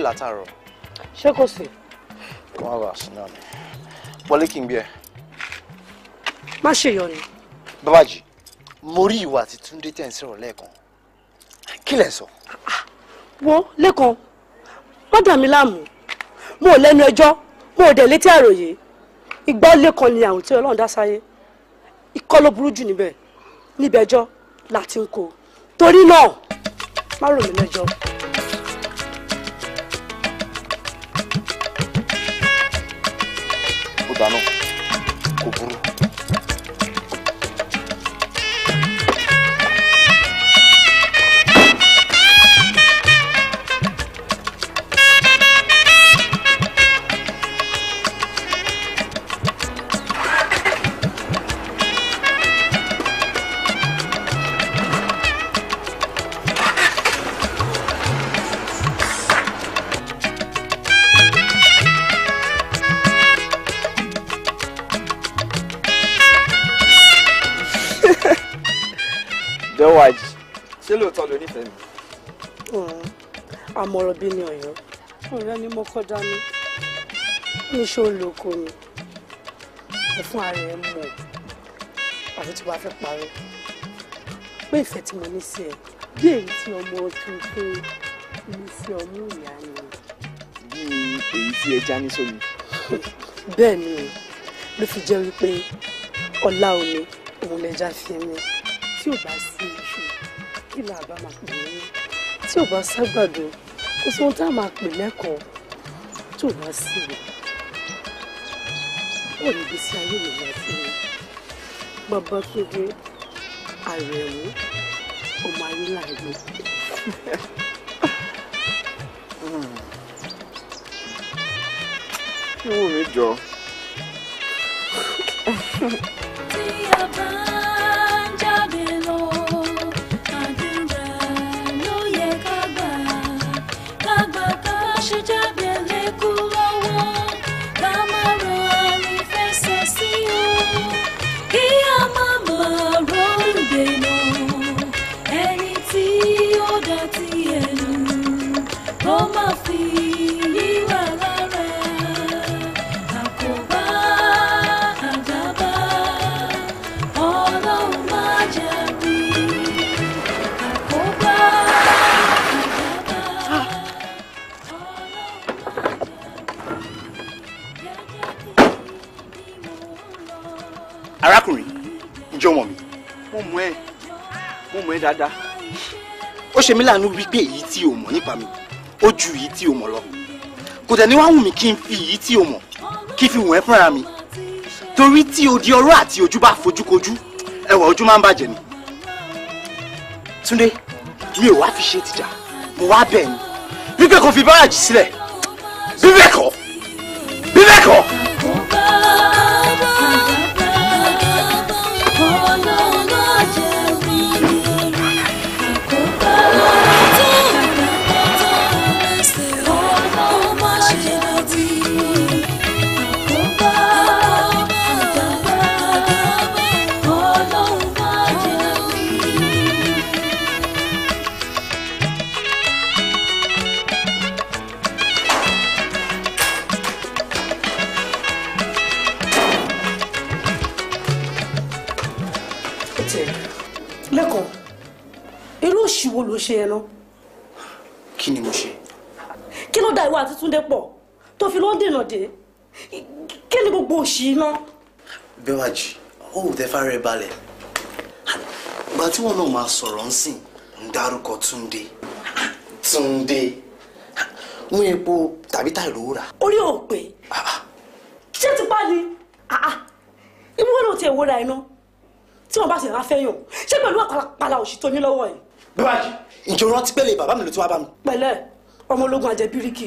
dé látàárọ̀. ṣé kò sí. wọn wà sínú ni wọlé kí n gbé ẹ. má ṣe yọ ni. babaji mo rí ìwà àti túndé tẹ̀ ń sọ̀rọ̀ lẹ́ẹ̀kan kí lẹ̀ sọ. wo lẹ́kan wọ́n dà mí láàmú mo ò lẹ́nu ẹjọ́ mo ò dẹ̀ létí àròyé ìgbà lẹ́kan ni àwọn tí ọlọ́run dá sáyé ikọ́ ló burú jù níbẹ̀ níbẹ̀ ẹjọ́ láti ń kó torí náà má rò lẹ́jọ́. ọkọ dání níṣó ń lo oko ni ẹ fún ara ẹ mọ àfi tí wàá fẹ́ parọ́ pé ìfẹ́ tí mo ní sí ẹ bí èyí tí ọmọ tuntun ní sí ọmú ìyá ni. bí èyí tí ẹja ní sómi. bẹ́ẹ̀ ni o ló fi jẹ́ wípé ọlá òní òun lẹja fi mí tí ò bá sí iṣu kí làá bá máa pè é tí ò bá ságbàdo kò sí ohun tá a máa pè lẹ́kọ̀ọ́ tó wá sí mi kò níbi sí ayé mi wá sí mi bàbá tó dé àrẹ̀wò ọmọ ayé láàyè. kí wù mí jọ. mo mọ̀ ẹ́ mo mọ̀ ẹ́ dáadáa ó ṣe mí láàánú wípé èyí tí o mọ̀ nípa mi ó ju èyí tí o mọ̀ lọ kò tẹ̀ ní wá wù mí kí n fi èyí tí o mọ̀ kí n fi wọ̀n ẹ́ fúnra mi torí tí odi ọ̀rọ̀ àti ojú bá fojúkojú ẹwà ojú máa ń bàjẹ́ ni Túndé mi ò wá fi ṣe tìjà mo wá bẹ̀ ni wípé kò fi báràjì sílẹ̀ bíbẹ̀ kọ́. dé kí ni gbogbo òṣì iná. Bẹ́wàjì ó ò tẹ́ fara ẹ balẹ̀ ìgbà tí wọ́n náà máa sọ̀rọ̀ ń sìn ń dárúkọ Túndé Túndé mú epo tàbí tá ìlú rà. orí ò pé ṣé tipa ni ìmú wọn náà ti ẹ̀wọ́ ra iná tí wọ́n bá sì rà fẹ́yàn ṣé pẹ̀lú àpàlà òṣì tó ní lọ́wọ́ ẹ̀. Bẹ́wàjì ìjọ rántí pẹ̀lẹ́ bàbá mi ló ti wá bá mi. pẹ̀lẹ́ ọmọ ológun àjẹbíríkì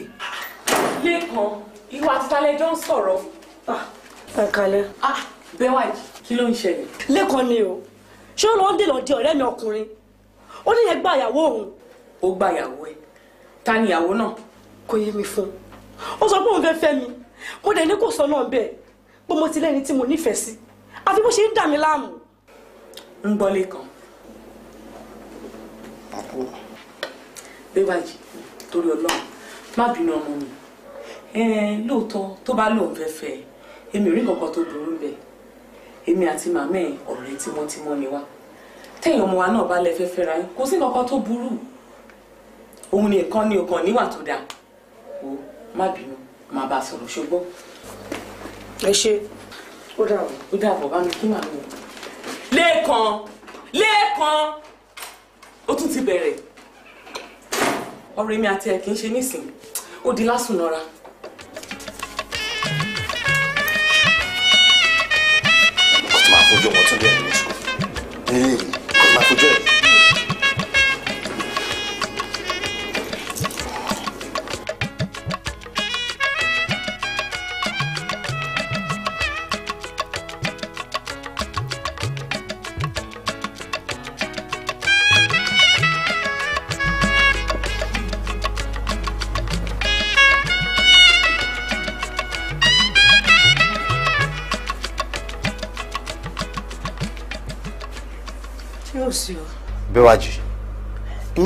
lẹ́ẹ̀kan ìwà àtìtálẹ̀ jọ ń sọ̀rọ̀. Ah, ẹ kalẹ̀. Ah, bẹ́wàjì kí ló ń ṣẹlẹ̀. lẹ́kọ̀ọ́ ni o ṣé ó lọ ń dènà di ọ̀rẹ́ mi ọkùnrin ó ní yẹn gba ìyàwó òun. ó gba ìyàwó ẹ ta ni ìyàwó náà. kò yé mi fún un ó sọ pé òun fẹ́ fẹ́ mi mo dẹ̀ ní kò sọ náà bẹ́ẹ̀ pé mo ti lẹ́ni tí mo nífẹ̀ẹ́ sí àfi bó ṣe ń dà mí láàmú. ń gbọ́ lẹ́kàn. bẹ́wàjì torí ọlọ́run má bínú ọmọ mi lóòótọ́ tó bá lóun fẹ́ fẹ́ èmi rí kankan tó burú bẹ̀ èmi àti màmá ẹ̀ ọ̀rẹ́ tímọ́tímọ́ ni wá tẹ̀yìn ọmọ wa náà bá lẹ fẹ́ fẹ́ra yín kò sí kankan tó burú òun nìkan ni òkan níwà tó dáa o má bínú máa bá a sọ̀rọ̀ ṣùgbọ́n. ẹ ṣe ó dàbọ̀ ó dàbọ̀ bá mi kí màá mi. lẹ́ẹ̀kan lẹ́ẹ̀kan ó tún ti bẹ̀rẹ̀ ọ̀rẹ́ mi àti ẹ̀ kì í ṣe nísìnyí ó di lásùn nọra. saber E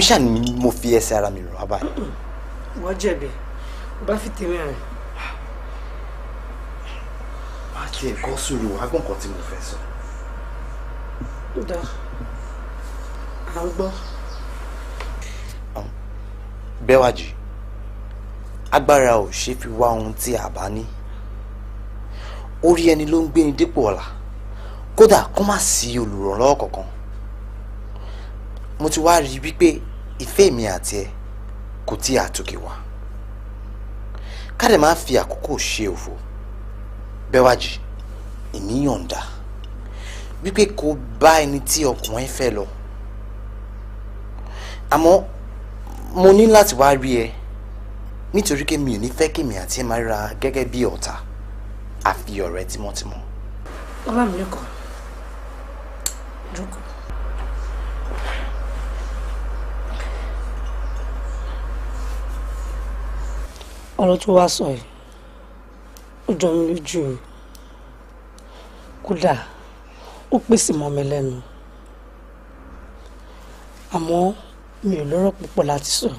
ṣáà ni mo fi ẹsẹ̀ ara mi rìn wá báyìí. wọ́n jẹ̀bi bá fi tèmi rìn. má tiẹ̀ kọ́ sórí wàá gbọ́n kan tí mo fẹ́ sọ. dá à ń gbọ́. bẹ́wàjì agbára ò ṣe fi wá ohun tí a bá ní orí ẹni ló ń gbé ni dípò ọ̀la kódà kó má sí olùrànlọ́wọ́ kankan mo ti wá rí i wípé ìfẹ́ mi àti ẹ kò tí a tòkè wá ká dẹ̀ máa fi àkókò ṣe òfò bẹ́wájì èmi yọ̀ǹda wípé kò bá ẹni tí ọkùnrin fẹ́ lọ àmọ́ mo ní láti wá rí ẹ nítorí pé mi ò ní fẹ́ kí mi àti ẹ máa ríra gẹ́gẹ́ bí ọ̀tá àfi ọ̀rẹ́ tímọ́tímọ́. ọlọ́run lẹ́kọ̀ọ́ ọ̀rọ̀ tó wá sọ yìí ó jọ mí lójú o kódà ó pèsè mọ́ mi lẹ́nu àmọ́ mi ò lọ́rọ̀ púpọ̀ láti sọ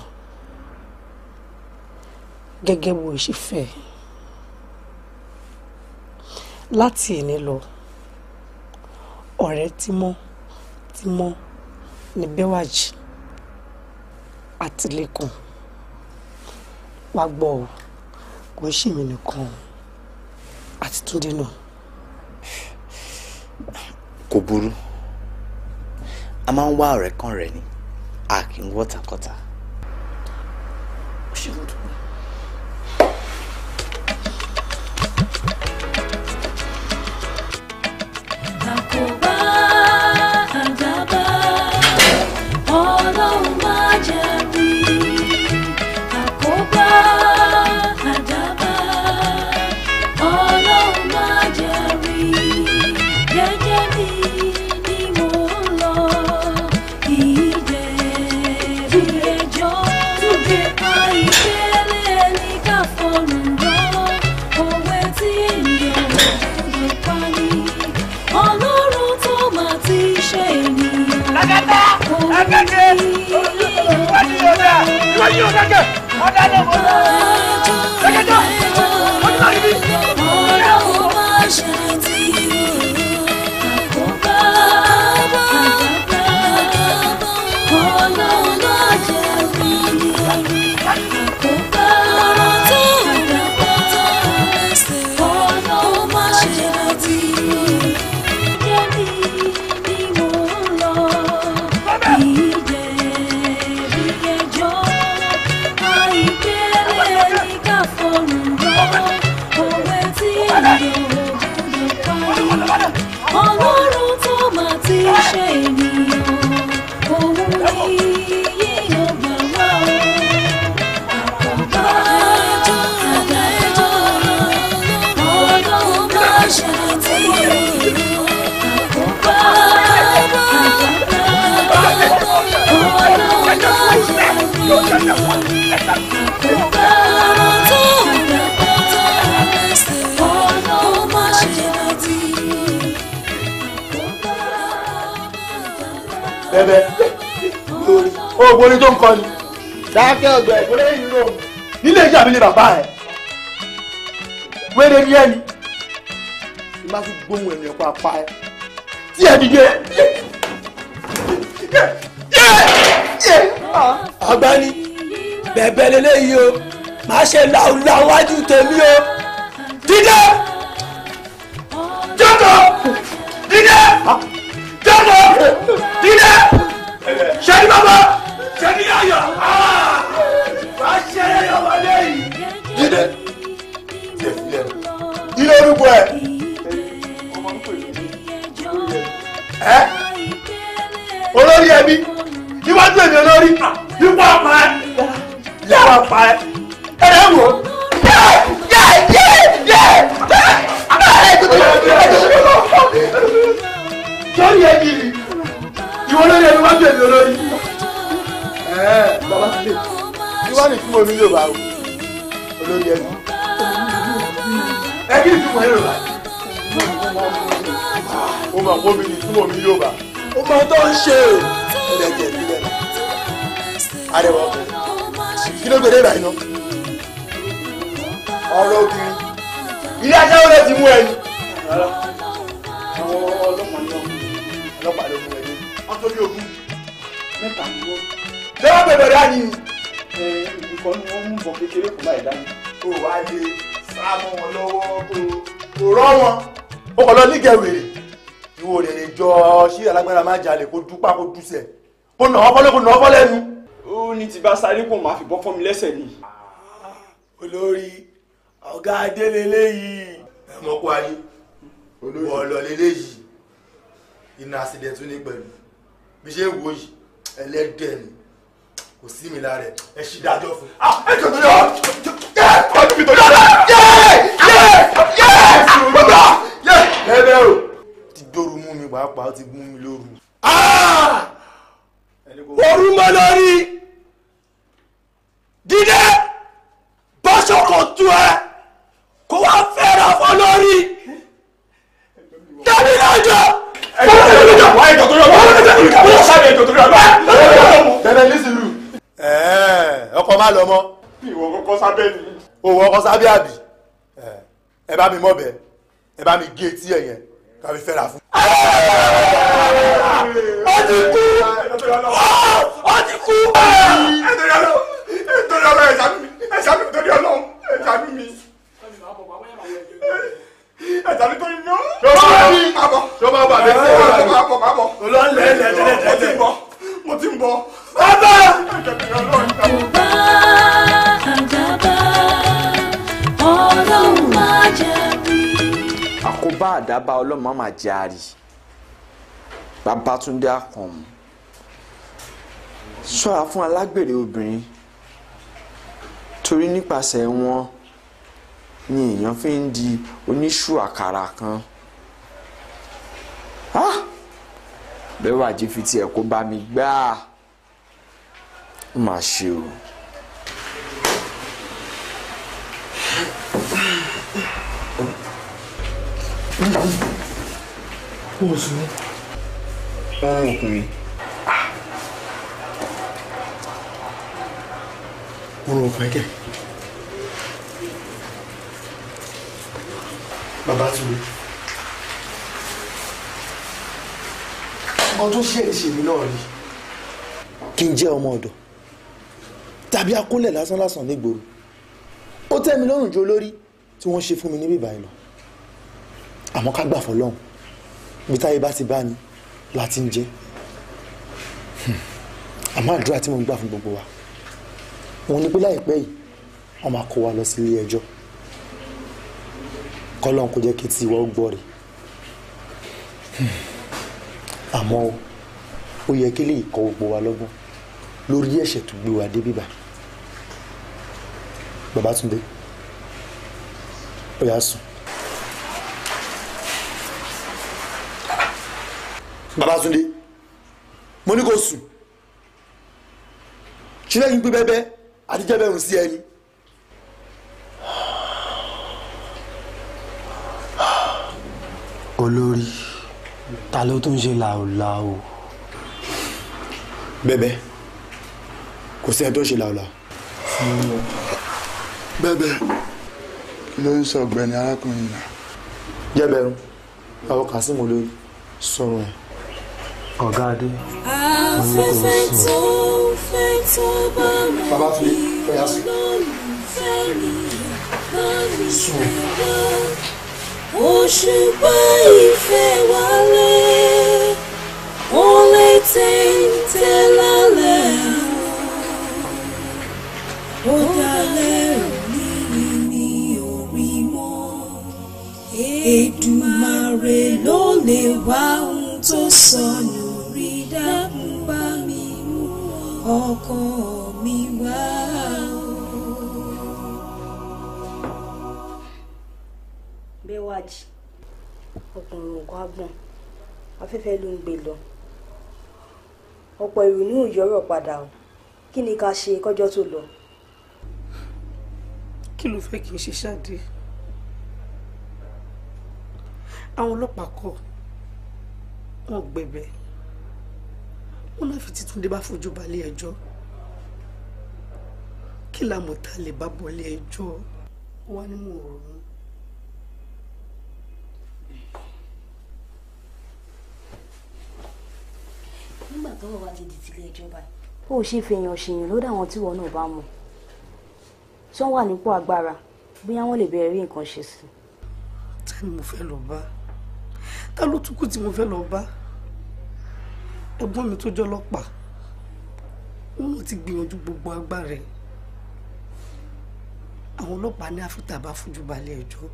gẹ́gẹ́ bó ṣe fẹ́ láti èní lọ ọ̀rẹ́ tímọ́ tímọ́ ní Bẹ́wàjì wá gbọ́ ọ kò ń ṣèmi nìkan àti Túndé náà. kò burú a máa ń wá ọ̀rẹ́ kan rẹ̀ ni a kì í wọ́tàkọ́tà. gbogbo orin tó ń kọ ni dákẹ́ ọ̀dọ̀ ẹ̀ kólé yìí lò nílé iṣẹ́ àbílẹ̀ bàbá ẹ̀ wéré ní ẹni tí má fi gbóhùn ẹ̀mí ẹ̀kọ́ apá ẹ̀ tí ẹ̀ dìde sọ́ọ̀rì ẹ̀ kiri ìwọ lórí ẹni wá bèbè olórí. bàbá ti lè kí wọ́n ní fún omi yóò bá wù olórí ẹni. ẹ kí ni túmọ̀ yóò bá ah, o máa wọ́n mi ní túmọ̀ mi yóò bá o máa tó ń ṣe o. ó lè jẹ ìbílẹ̀ àrẹwà ọkùnrin kí ló gbé dé ìbàyìí obìnrin ilé ajáwó ti mú ẹni àwọn ọlọ́pàá ní ọkùn ọlọ́pàá ló mú ẹni wọ́n tó ní ogún mẹ́ta ni wọ́n. lọ́wọ́ bẹ̀rẹ̀ rà ní nǹkan ni wọ́n mú bọ̀ kékeré kò láì dání. kò wá lè sá mọ́ wọn lọ́wọ́ kò rọ́ wọn. ó kọ́ lọ nígẹ̀ wèrè ìwò rẹ̀ lè jọ ṣí alágbára máa jalè kó dúpá kó dúsẹ̀ kó nà ọ́ fọ́lẹ́ kó nà ọ́ fọ́lẹ́ nu. ó ní ti bá sáré kó máa fìbọn fọ́ mi lẹ́sẹ̀ ni. olórí ọ̀gá adélélẹ́yìí ẹ̀mọ́kú ayé bọ̀ọ̀lọ̀ lélẹ́yìí iná àṣìdẹ̀tún ní pẹ̀lú bí ṣe wò yìí ẹlẹ́dẹ̀ ni kò sí mi lára ẹ̀ ẹ̀ ṣì dájọ́ fún. ẹ jọ tó yọ ẹ ọdún mi tó yọ ọ yẹ yẹ yẹ gbọdọ yẹ ẹbẹ o ti dóoru mú mi pàápàá ó ti gún mi lóru. orú mọ́ lórí dídé bọ́sọ̀kọ̀ tú ẹ kó wá fẹ́ràn fọ́ lórí. ìjà wá ìjọ torí ọlọ́run wọ́n lọ́jọ́ torí ọlọ́run sáré ìjọ torí ọlọ́run. bẹ̀rẹ̀ lísìlú. ọkọ má lọ mọ. ìwọ kọkọ sábẹ́ ni. òwò ọkọ sábẹ́ àbí ẹ bá mi mọ̀ bẹ́ẹ̀ ẹ bá mi gé etí ẹ̀ yẹn ká mi fẹ́ra fún. ó ti kú ó ti kú. ẹ torí ọlọ́run ẹ ṣàánú mi ẹ ṣàánú mi torí ọlọ́run ẹ ṣàánú mi ẹ̀sán tó yọ. tó bá mi pàbọ̀. tó bá bà mí sí ẹ̀rọ ẹ̀rọ pàbọ̀ pàbọ̀. olóńlẹ̀ ẹ̀lẹ̀ tẹ́lẹ̀ tẹ́lẹ̀. mo ti ń máa jẹ́ rí. àkùbá àdàbà Àkànmú ṣọ́ra fún alágbèrè obìnrin torí nípasẹ̀ wọn ni èèyàn fi ń di oníṣù àkàrà kan ah! bẹ́wà jí fi tiẹ̀ kó bá mi gbá má ṣe o. Oṣù ọmọ ọkùnrin. Oorun bàbá ti wé ọdún ṣe ìṣèlú náà rí. kí n jẹ́ ọmọ ọ̀dọ̀ tàbí akólẹ̀ lásánlásán nígboro ó tẹ́ mi lọ́rùn ju olórí tí wọ́n ṣe fún mi níbí báyìí lọ àmọ́ ká gbà fọlọ́hún bí táyé bá ti bá ni láti ń jẹ́ àmọ́ àdúrà tí mo ń gbà fún gbogbo wa wọ́n ní pé láìpẹ́ yìí wọ́n máa kó wa lọ sí ẹjọ́. E kọ́lọ́n kò jẹ́ kí tí ìwọ gbọ́ rè àmọ́ ó yẹ kí lè kọ́ gbogbo wa lọ́gbọ́n lórí ẹ̀ṣẹ̀ tó gbé wa dé bíbá Babátúndé ó yà sùn. Babátúndé mo ní kó sùn ṣílẹ̀ yín gbé bẹ́ẹ̀ bẹ́ẹ̀ àti jẹ́ bẹ́ẹ̀ ń sí ẹni. olórí ta ló tún ṣe làólàó. bẹ́bẹ́ kò sí ẹni tó ṣe làólàó. bẹ́bẹ́ kí ló ń sọ ọ̀gbẹ́ni arákùnrin náà. jẹ́bẹ̀rún àwọn kàsímù ló sọ̀rọ̀ ẹ̀. ọ̀gá adé wọn kò sùn. bàbá fi ọ̀yà sùn òṣùpá ìfẹ́ wálé wọlé téńté lálẹ́ ó dalẹ̀ òní ní orí mọ́ Èdùmàrè ló lè wá bàjẹ́ ọkùnrin ògùn agbọ̀n afẹ́fẹ́ ló ń gbé lọ ọ̀pọ̀ ìrònú òyọ́rọ̀ padà o kí ni ká ṣe kọ́jọ́ tó lọ. kí ló fẹ́ kí n ṣe ṣáde àwọn ọlọ́pàá kọ̀ wọ́n gbẹ̀bẹ̀ wọ́n náà fi títúndé bá fojú balẹ̀ ẹjọ́ kí làmọ̀tá lè bá bọ̀ ilé ẹjọ́ wọ́n ní mò ń ronú. nígbà tọ́wọ́ wa ti di tilé ìjọba. ó ṣe fèèyàn ṣèyàn ló dá àwọn tí wọn náà bá mọ̀ tí wọ́n wà nípò agbára bóyá wọ́n lè bẹ̀rẹ̀ rí nǹkan ṣe sí. ta ni mo fẹ́ lọ bá ta ló tún kù tí mo fẹ́ lọ bá ẹ̀gbọ́n mi tó jọlọ́pàá òun náà ti gbìyànjú gbogbo agbára ẹ̀ àwọn ọlọ́pàá ní àfútà bá fojú balẹ̀ ẹjọ́.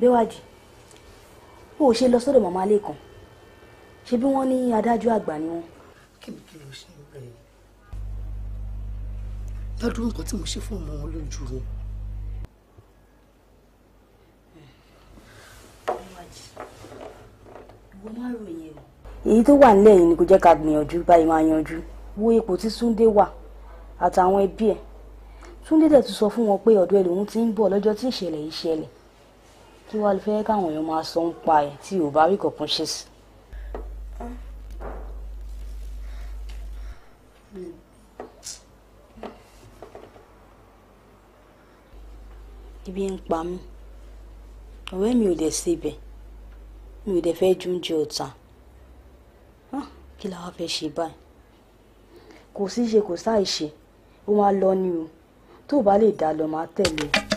bẹ́wàjì o ò ṣe lọ sọ́dọ̀ màmá lẹ́kàn ṣe bí wọ́n ní adájọ́ àgbà ni wọ́n. kí ni kí ló ṣe ń bẹ̀ yìí lọ́dún nǹkan tí mo ṣe fún ọmọ wọn lójú o. èyí tó wà nílẹ̀ yìí ni kò jẹ́ ká gbìyànjú báyìí máa yanjú wo ipò tí Túndé wà àtàwọn ẹbí ẹ̀ Túndé dẹ̀ tún sọ fún wọn pé ọ̀dọ̀ ẹlòmíín ti ń bọ̀ lọ́jọ́ tí ìṣẹ̀lẹ̀ yìí ṣẹlẹ̀ kí wàá lè fẹ́ káwọn èèyàn máa sọ ń pa ẹ̀ tí ò bá rí kankan ṣe sí. ibi ń pa mí ọ̀rẹ́ mi ò dẹ̀ sebẹ̀ mi ò dẹ̀ fẹ́ ju ọ̀tá ah, kí la wá fẹ́ ṣe báyìí kò sí ṣe kò sáì ṣe ó máa lọ ni o tó o bá lè dá lọ máa tẹ̀lé o. E.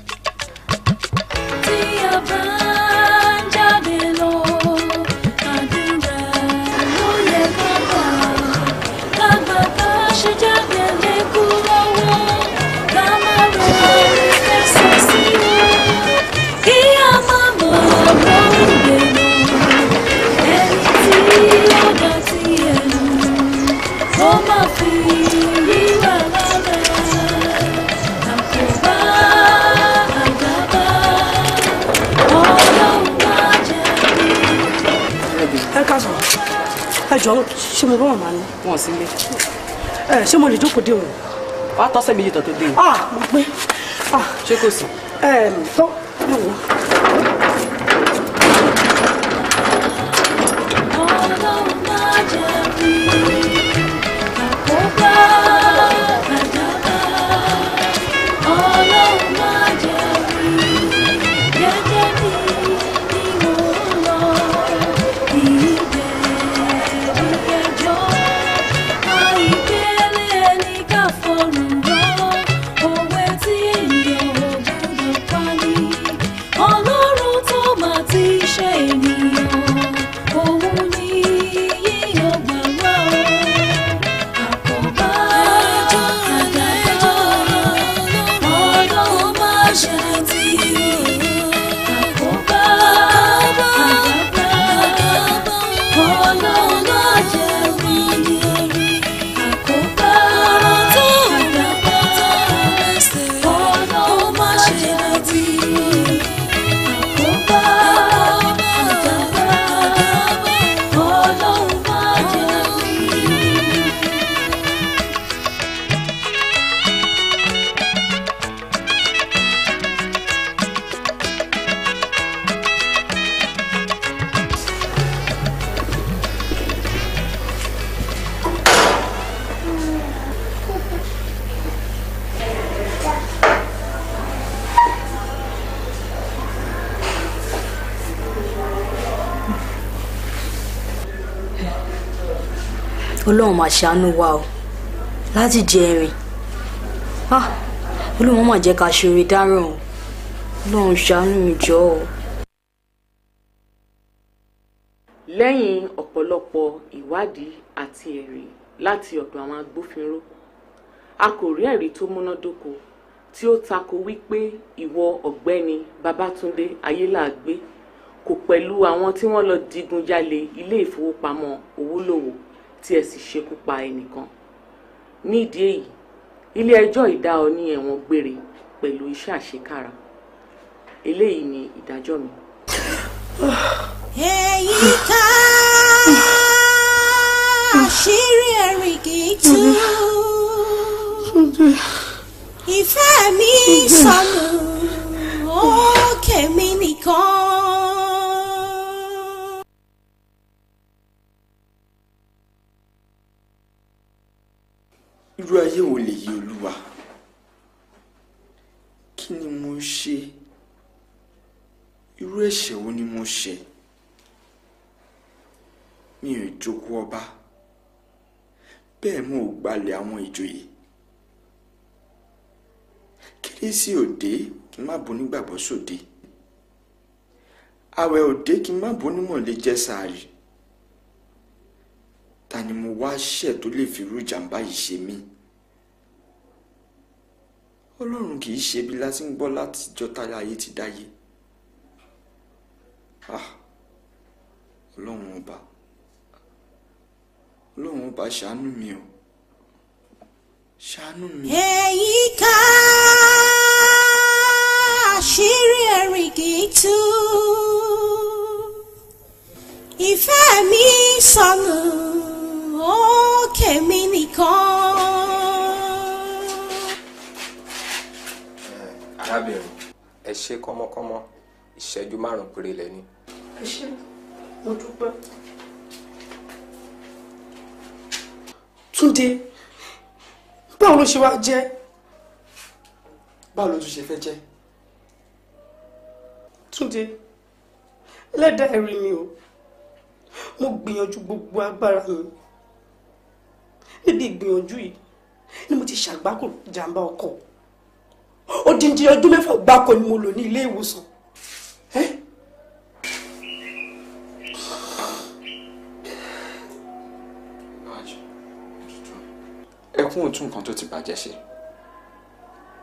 ẹ jọ ṣé mo bá màmá ni. wọn ò sí ilé. ẹ ṣé mo lè jókòó dé òun. wàá tọ́sẹ̀ méjì tó tó dé. ah mo gbé. Ah. ṣé kò sùn. ẹ tó yóò wá. ọlọ́run máa ṣàánú wa o láti jẹ ẹ̀rìn ah, ọlọ́run máa jẹ́ ká ṣeré dáràn o ọlọ́run ṣàánú mi jọ o. lẹ́yìn ọ̀pọ̀lọpọ̀ ìwádìí àti ẹ̀rí láti ọ̀dọ̀ àwọn agbófinró a kò rí ẹ̀rí tó múnádóko tí ó tako wípé ìwọ ọ̀gbẹ́ni Babátúndé Ayéláàgbé kò pẹ̀lú àwọn tí wọ́n lọ digunjalè ilé ìfowópamọ́ Owólòwò tí ẹ sì ṣekú pa ẹnìkan nídìí èyí ilé ẹjọ́ ìdá ọ ní ẹ̀wọ̀n gbére pẹ̀lú iṣẹ́ àṣekára eléyìí ni ìdájọ́ mi. èyí ká àṣírí ẹ̀rìn kì ìfẹ́ mi sọnù ó kèmí nìkan. irú ayé wo lèyí olúwa kí ni mo ṣe irú ẹ̀ṣẹ̀ wo ni mo ṣẹ̀ mi ò jókòó ọba bẹ́ẹ̀ mo ò gbalẹ̀ àwọn ìjòyè kérésì òde kí n má bo sóde àwẹ̀ òde kí n má bo lè jẹ́ sáàrì ta ni mo wá ṣẹ̀ tó lè fi irú ìjàmbá yìí ṣe mí ọlọ́run kì í ṣe bí láti ń gbọ́ látijọ́ táyà ayé ti dáyé ah, ọlọ́run ọba ọlọ́run ọba ṣàánú mi o ṣàánú mi. èyí ká àṣírí ẹ̀rìngì tú ìfẹ́ mi sọnù èmi nìkan. arábìnrin ẹ ṣe kọ́mọ́kọ́mọ́ ìṣẹ́jú márùn-ún péré lẹ́ni. ẹ ṣé mo dúpẹ́. túnde báwo ló ṣe wá jẹ́ báwo ló tún ṣe fẹ́ jẹ́. túnde ẹlẹ́dàá ẹ̀rí mi o mo gbìyànjú gbogbo agbára mi níbi ìgbìyànjú yìí ni mo ti ṣàgbákùn jàǹbá ọkọ̀ odindi ọdún mẹ́fà gbáko ni mo lò ní ilé ìwòsàn ẹkún òtún nǹkan tó ti bàjẹ́ ṣe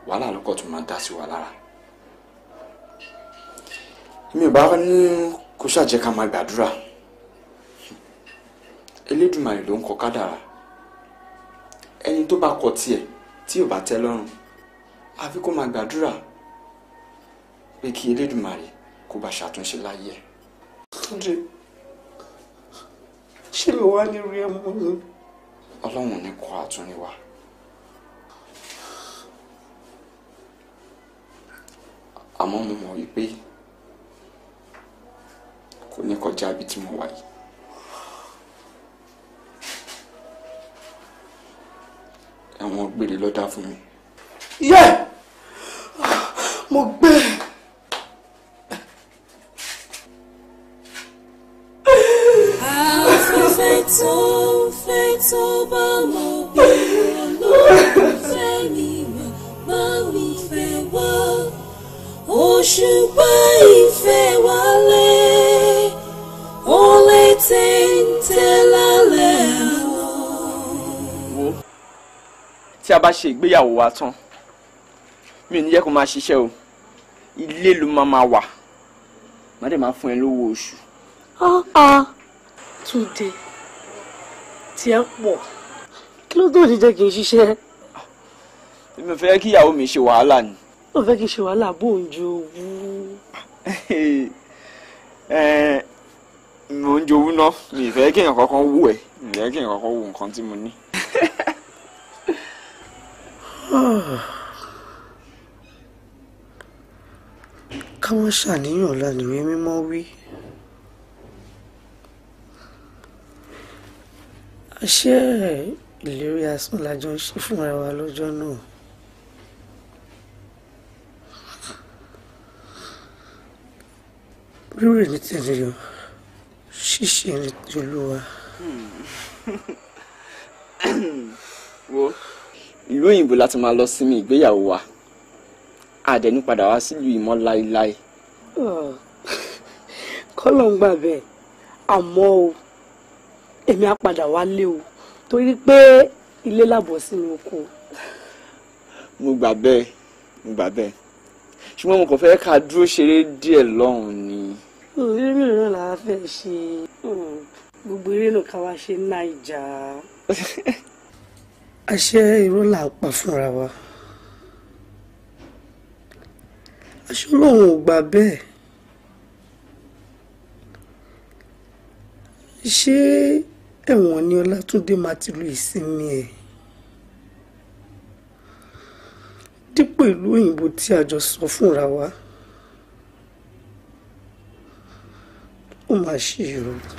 wàhálà lọ́kọ̀ tó máa dá sí wa lára mi ò bá ní kó ṣàjẹ́ ká máa gbàdúrà Elédùmarè ló ń kọ kádàrá ẹni tó bá kọ tiẹ̀ tí ò bá tẹ́ lọ́rùn àfi kó máa gbàdúrà pé kí Elédùmarè kó bá ṣàtúnṣe láyé ẹ̀. Túndé ṣé mi wá ní rí ẹmu ni. Ọlọ́run ní kọ́ àtúnrí wa. àmọ́ mo mọ̀ wípé kò ní kọjá ibi tí mo wà yìí. àwọn gbére lọ́dà fún mi. yẹ mo gbé. afẹ́fẹ́ e. tó fẹ́ tó bá mọ bí ọlọ́run fẹ́ mi mọ̀ bá mi fẹ́ wá òṣùpá yìí. tí a bá ṣe ìgbéyàwó wa tán mi ò ní jẹ́ kó máa ṣiṣẹ́ o ilé ló máa máa wà má dẹ̀ máa fún ẹ lówó oṣù. Túndé tí ẹ pọ̀ kí ló tó ti jẹ́ kí n ṣiṣẹ́. èmi ò fẹ́ kí ìyàwó mi ṣe wàhálà ni. ó fẹ́ kí n ṣe wàhálà bó ń jowú. mo ń jowú ná mi ì fẹ́ kí èèyàn kankan wù ẹ́ mi ì fẹ́ kí èèyàn kankan wù nǹkan tí mo ní. ká má ṣàníyàn la mímọ́ wí àṣé ìlérí asán la ń ṣe fúnra wa lọ́jọ́ náà. rírì ní tẹ̀lẹ́yọ ṣíṣe ní tẹ̀lúwa. wo ìlú òyìnbó láti máa lọ sinmi ìgbéyàwó wa àdẹ̀ní padà wá sílùú ìmọ̀ láéláé. kọ́lọ̀ ń gbà bẹ́ẹ̀ àmọ́ o èmi á padà wálé o torí pé ilé làbọ̀ sínú oko. mo gbà bẹ́ẹ̀ mo gbà bẹ́ẹ̀ ṣùgbọ́n mo kàn fẹ́ ká dúró ṣeré díẹ̀ lọ́hùn ni. eré mìíràn là fẹ́ ṣe gbogbo eré nù wá ṣe náà ìjà. àṣẹ irọ́ là pa fúnra wa aṣọ lòun ò gbà bẹ́ẹ̀ ṣé ẹ̀wọ̀n ni Ọlátúndé máa ti lu ìsinmi ẹ̀ dípò ìlú òyìnbó tí a jọ sọ fúnra wa ó máa ṣe ìrora.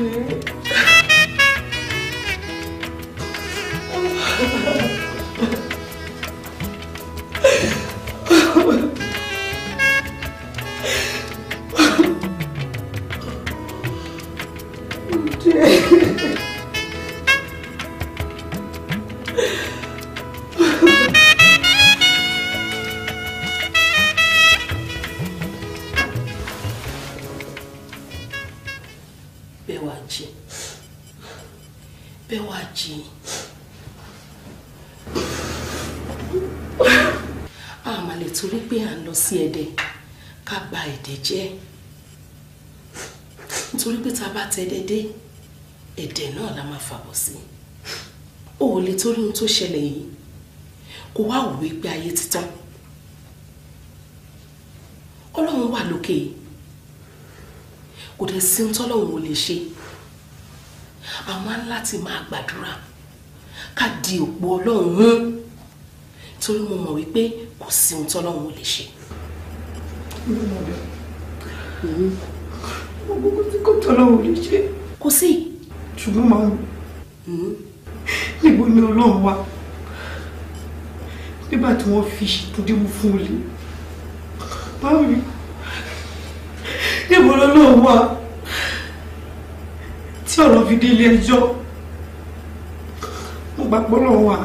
Yeah. sí ẹ̀dẹ̀ ká ba ẹ̀dẹ̀ jẹ́ nítorí pé tá a bá tẹ ẹ̀dẹ̀ dé ẹ̀dẹ̀ náà la máa fàbọ̀ sí o ò lè torí ohun tó ṣẹlẹ̀ yìí kó wá wò wípé ayé ti tán ọlọ́run wà lókè kò dẹ̀ sí ohun tọ́lọ́run ò lè ṣe àmọ́ láti máa gbàdúrà ká di òpó ọlọ́run mú torí mo mọ̀ wípé kò sí ohun tọ́lọ́run ò lè ṣe gbogbo tí kò tọ́lọ́ ò lè ṣe. kò sí. ṣùgbọ́n màá mi níbo ni ọlọ́run wà nígbà tí wọ́n fi ṣètúndé mú fún olè màá mi níbo ni ọlọ́run wà tí ọ̀rọ̀ fi dé ilé ẹjọ́ mo gbà pé ọlọ́run wà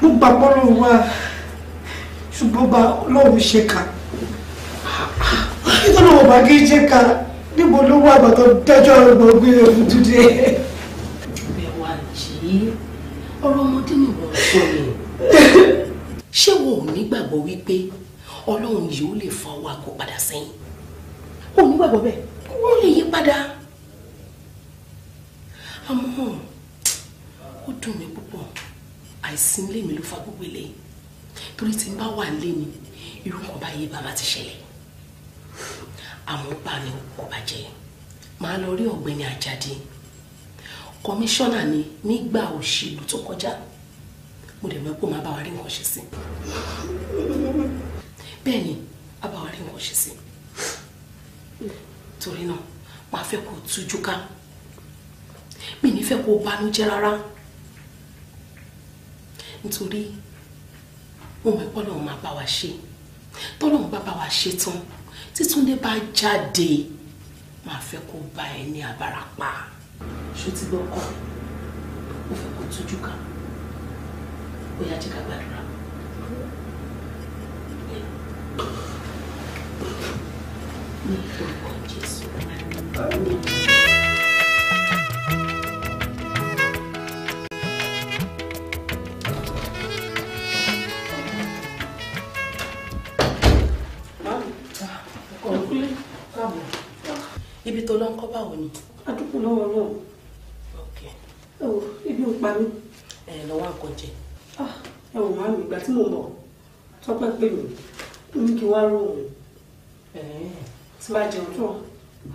mo gbà pé ọlọ́run wà ṣùgbọ́n bá ọlọ́run ṣe kà nítorí ọba kì í ṣe kà níbo ló wà bàtọ́ dájọ́ ọgbọ̀n gbé ewu dúdú ẹ̀. ọbẹ̀ wa jí ọ̀rọ̀ ọmọdé nìwọ̀n sọ yẹn ṣé wo ò nígbàgbọ́ wípé ọlọ́run yìí ó lè fa ọwọ́ àgọ́ padà sẹ́yìn ó nígbàgbọ́ bẹ́ẹ̀ ó lè yí padà àmọ́ ó dùn mí púpọ̀ àìsí mi ló fa gbogbo eléyìí torí tí n bá wà lé ni irú nǹkan báyìí bàbá ti ṣẹlẹ̀ àmúpa ni kò bàjẹ́ màá lọ rí ọ̀gbẹ́ni àjáde kọmíṣánná ni nígbà òṣèlú tó kọjá mo dẹ̀ mọ̀ pé màá bá wa rí nǹkan ṣe sí bẹ́ẹ̀ ni a bá wa rí nǹkan ṣe sí torí náà màá fẹ́ kó tújú ká mi ní fẹ́ kó banújẹ́ rárá nítorí mo mọ̀ pé Ọlọ́run máa bá wa ṣe tọ́lọ́run bá bá wa ṣe tán títúndé bá jáde máa fẹ́ kó bá ẹ ní àbára pa ṣó ti gbọ́ kọ́ ó fẹ́ kó tójú ká ó yá jẹ́ ká gbàdúrà. Thank you. tó lọ ń kọ́ báwo ni. àdúgbò lọ́wọ́ náà. ok. ẹ wo ibi ò pa mí. ẹ lọ́wọ́ àkànjẹ. Ah, ẹ wò máa mi ìgbà tí mo mọ̀ tọ́pẹ́ pè mí ó ní kí wá róòmù. tí bá jẹun tó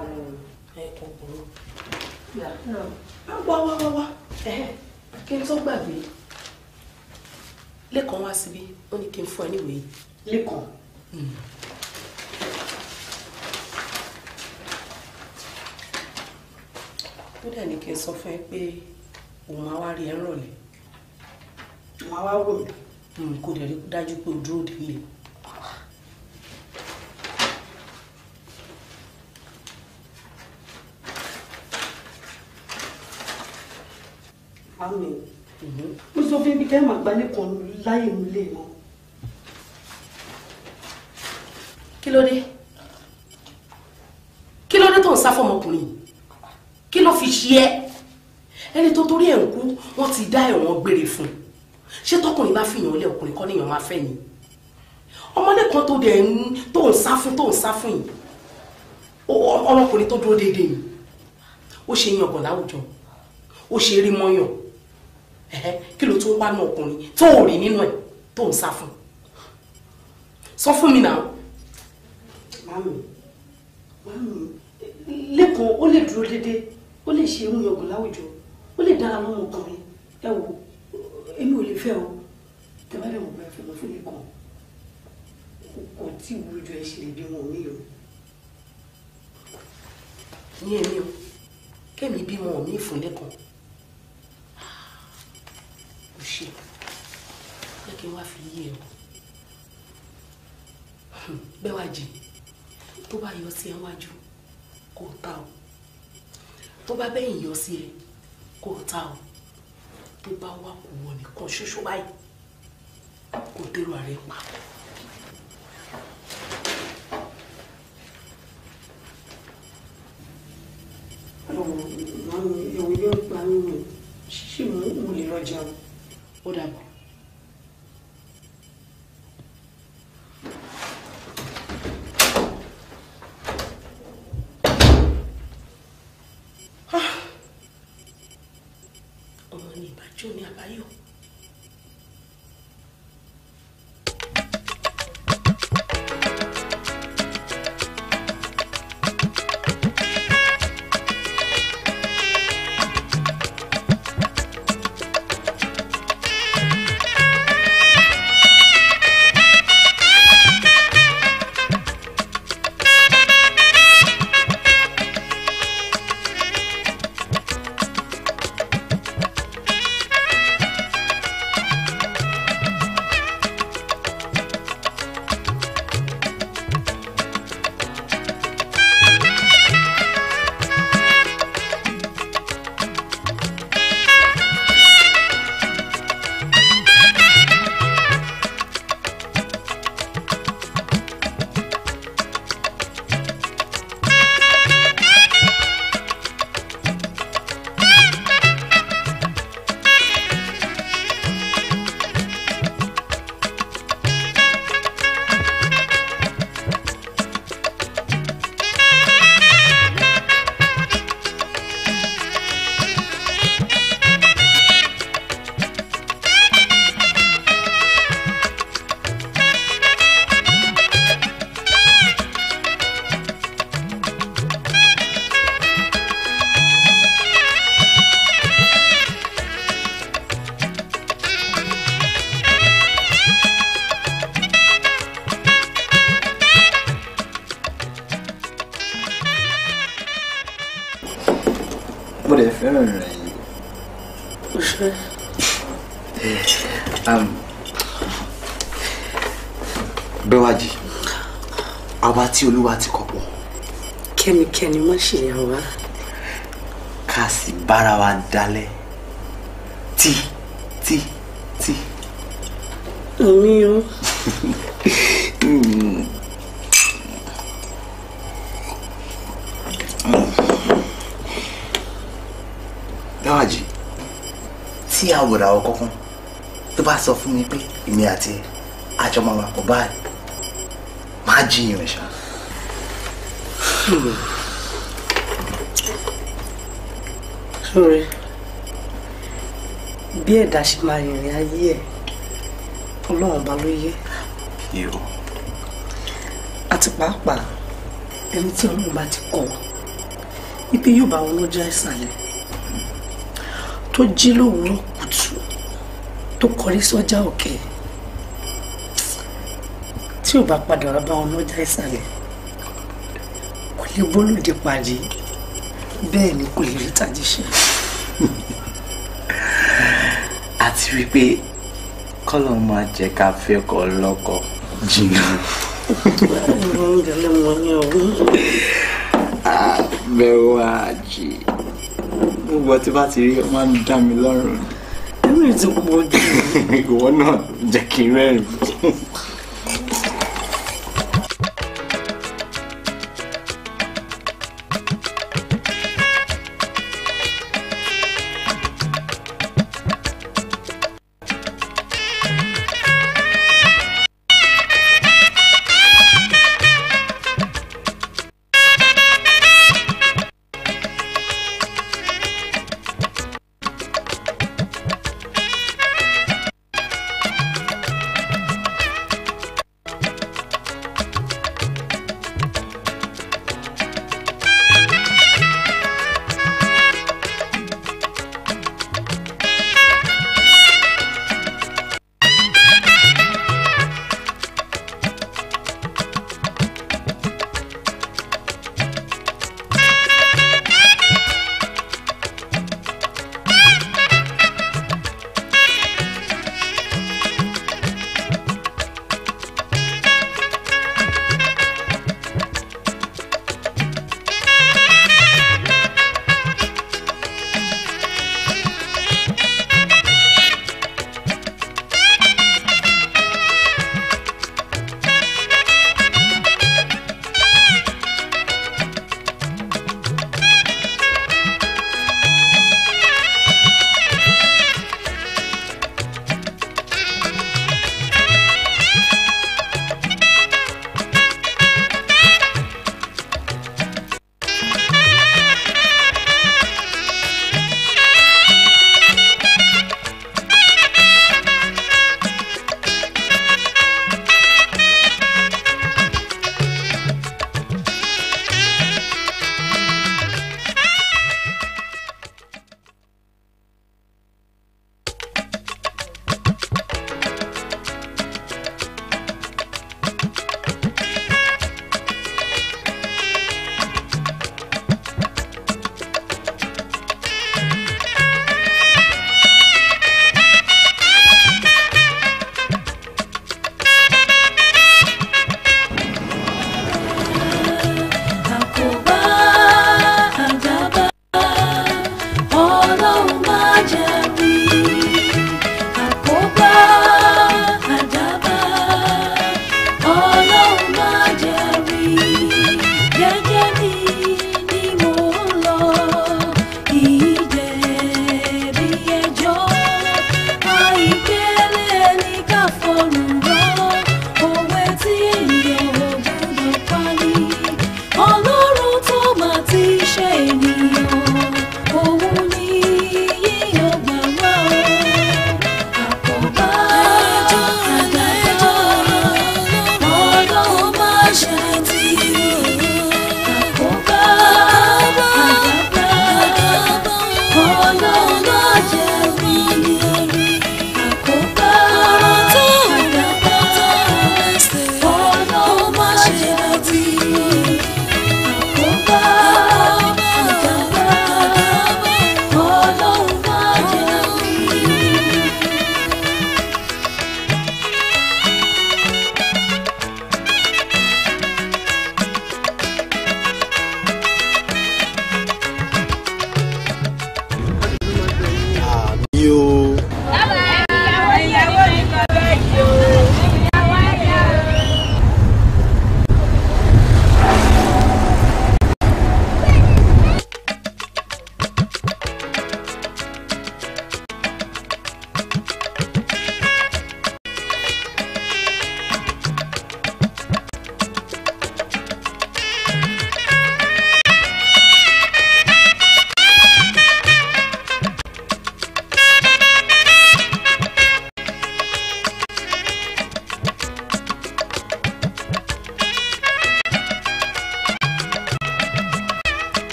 àlọ́ ẹ kò burú. Ah, wá wá wá wá kí n tó gbàgbé lẹ́kàn wá síbí ó ní kí n fún ẹ níwèé. lẹ́kàn. Hmm. ó dẹ̀ ní kí n sọ fún ẹ pé òun máa wá rí ẹ rọ̀lẹ́. màá wá wò mí. Hmm, kò dẹ̀ rí dájú pé o dúró dé àmì mm-hmm. mo sọ fún ibi kẹ́hìn àgbálẹ̀ kan láyé mi lè mọ́. kí ló dé kí ló dé tó ń sá fọmọkùnrin yìí kí ló fi ṣe ẹ́ ẹni tó torí ẹ̀ ń kú wọ́n ti dá ẹ̀wọ̀n gbére fún un ṣé tọkùnrin bá fìyàn lé ọkùnrin kọ́ níyàn máa fẹ́ ni ọmọdé kan tó dẹ̀ ń tó ń sá fún tó ń sá fún yìí ọmọkùnrin tó dúró déédéé yìí ó ṣe yangàn láwùjọ ó ṣe eré mọ́yàn kí ló tó wá náà ọkùnrin tó ò rí nínú ẹ̀ tó ń sá fún sọ fún mi náà. mami mami lẹ́kọ̀ọ́ ó lè dúró déédéé ó lè ṣe irun yọgùn láwùjọ ó lè dára lọ́wọ́ ọkùnrin ẹ wò èmi ò lè fẹ́ o tẹ́lẹ̀ mo bá fẹ́ lọ fún mi kàn kò tí ìwúlò jọ ẹ ṣe lè bímọ mi o ní èmi o kémi bímọ mi fún lẹ́kọ̀ọ́ kò ṣe jẹ́ kí n wá fi yé ẹ o bẹ́ẹ̀ wá jì tó bá yọ sí ẹ wájú kò ta o tó bá bẹ́yìn yọ sí ẹ kó o ta o tó bá wà kó wọ nìkan ṣoṣo báyìí kó dérò ààrẹ pa. ọ̀rọ̀ ìyàwó ilé ń pa mí ṣíṣì mú òun lè rọjà ó dàbọ̀. tí olúwa ti kọ pọ̀. kẹ́nikẹ́ni má ṣèyàn wá. ká sì bára wa dalẹ̀ tí tí tí. àmì o. dáwàjì tí àwòrán ọkọ̀ kan tó bá sọ fún mi pé èmi àti àjọmọ̀ wa kò báyìí máa jiyàn ṣáà. Sorry. Sorry. Bí ẹ̀dá ṣe máa rìnrìn ayé ẹ̀, Ọlọ́run bá ló yé. Yóò. Àti pàápàá, ẹni tí Ọlọ́run bá ti kọ̀ wípé yóò bá wọn lọ́jọ́ ìsàlẹ̀ tó jí lówùúrọ̀ kùtù tó kọrí sọ́jà òkè tí ò bá padà bá wọn lọ́jà ìsàlẹ̀ lè bólúdé pàdé bẹ́ẹ̀ ni kò lè rí tàjí ṣe. àti wípé kọ́lọ̀ máa jẹ́ ká fẹ́ ọkọ̀ ọlọ́kọ̀ jìnnà. bẹ́ẹ̀ wá jì gbogbo tí bá ti rí ọ máa ń dá mi lọ́rùn. ẹ̀rù ti pọ̀ jù. ìwọ náà jẹ́ kí n rẹ́rìn-ín.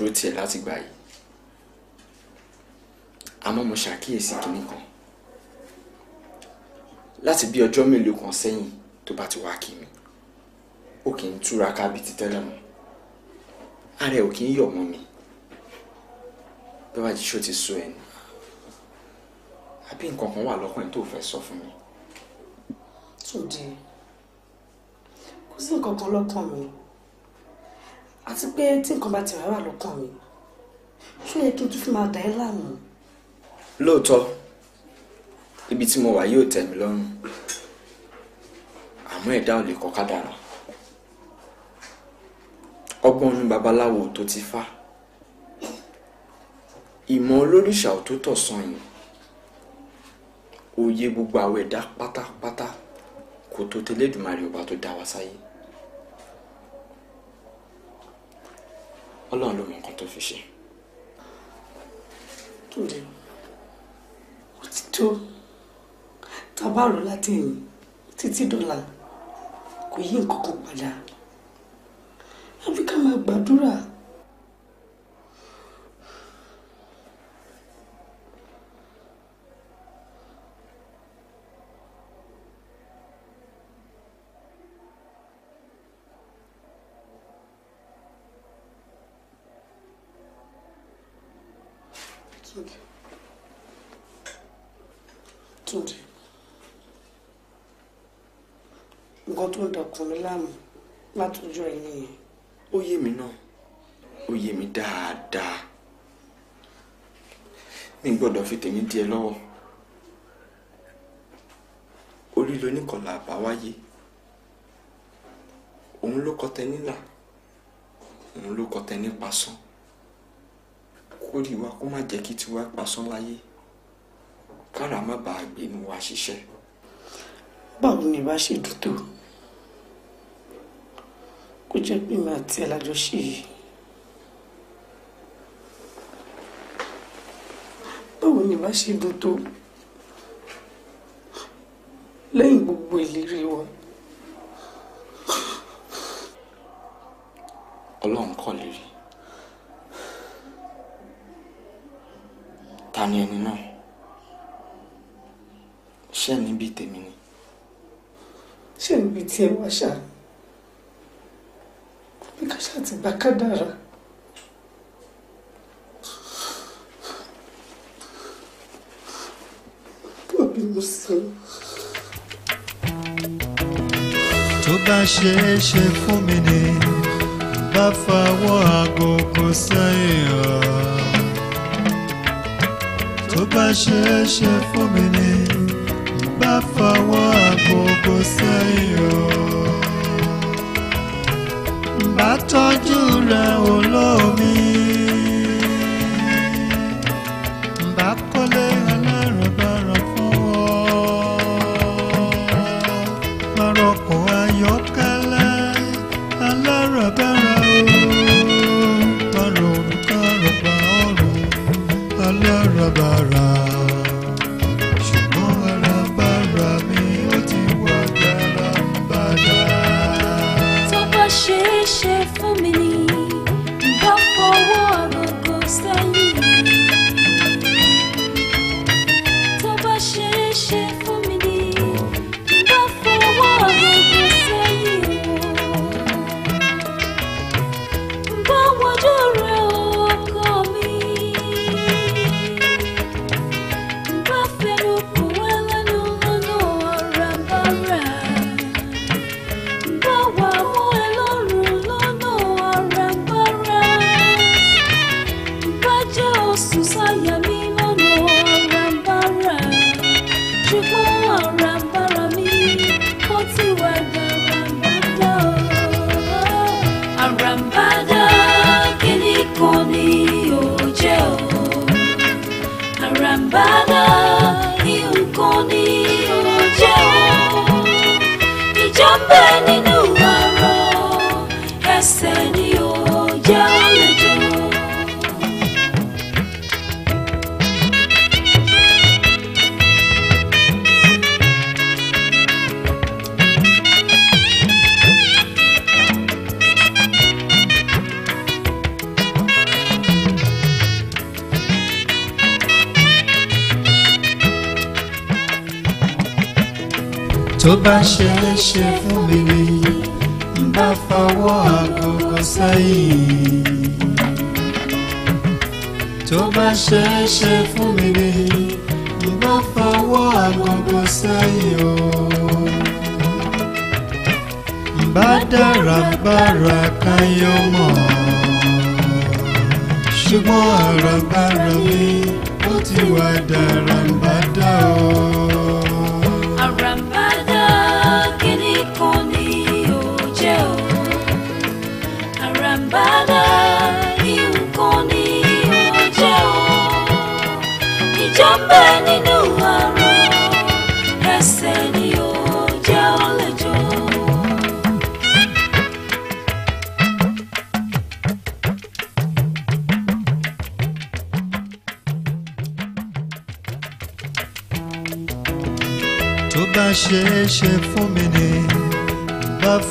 dúró tiẹ̀ látìgbà yìí àmọ́ mo ṣàkíyèsí kinní kan láti bí ọjọ́ mélòó kan sẹ́yìn tó bá ti wá kí mi ó kì í túraká bíi ti tẹ́lẹ̀ mọ́ ara ẹ̀ ò kì í yọ̀ mọ́ mi bí wàá jíṣó ti sọ ẹ̀ ni àbí nǹkan kan wà lọ́kàn tó fẹ́ sọ fún mi. Túndé kò sí nǹkan kan lọ́kàn mi pé tí nǹkan bá ti wà wà lọ́kàn mi ṣó yẹ kí n tún fi máa dà ẹ́ láàmú. lóòótọ́ ibi tí mo wà yóò tẹ́ mi lọ́rùn àmọ́ ẹ̀dá ò lè kọ́ kádàrá ọgbọ́n ní babaláwo tó ti fá ìmọ̀ olóríṣà ò tó tọ̀ sàn yìí òye gbogbo àwọn ẹ̀dá pátápátá kò tó tẹlẹ́dùmarè ọba tó dá wa sáyé. ọlọ́run ló mọ nǹkan tó fi ṣe. torí ó ti tó tábàrò láti yìn títí dọ́là kò yí nǹkan kan padà àfi ká máa gbàdúrà. nǹkan tó ń dọkàn mi láàmú látọjọ́ ẹ nìyẹn. ó yé mi náà ó yé mi dáadáa mi gbọ́dọ̀ fi tèmi díẹ̀ lọ́wọ́ orí loníkọlà àbáwáyé òun ló kọtẹ nílà òun ló kọtẹ nípa sán kórìí wa kó má jẹ́ kí tiwa pa sán láyé kára má bàa gbénu wa ṣiṣẹ́. báwo ni ìbá ṣe dùn tó kó jẹ́ pé mi àti ẹ̀ lájọṣe yìí. báwo ni bá ṣe dùn tó lẹ́yìn gbogbo ìlérí wọn. ọlọ́run kọ́ lérí ta ni ẹni náà ṣé níbi tèmi ni. ṣé níbi tí ẹ wá ṣáà ṣáàtì gba kádàrá bọ́bí mo sọ. tó bá ṣeé ṣe fún mi ni bá fawọ́ agogo sẹ́yìn ọ̀ tó bá ṣeé ṣe fún mi ni bá fawọ́ agogo sẹ́yìn ọ̀ tọ́jú rẹ̀ olómi.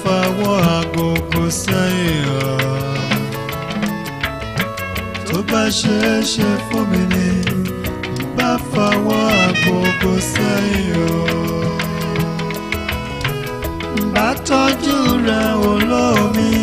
fọwọ́ agogo sẹ́yìn ọ̀ tó bá ṣeé ṣe fún mi ni bá fọwọ́ agogo sẹ́yìn bá tọ́jú rẹ̀ olómi.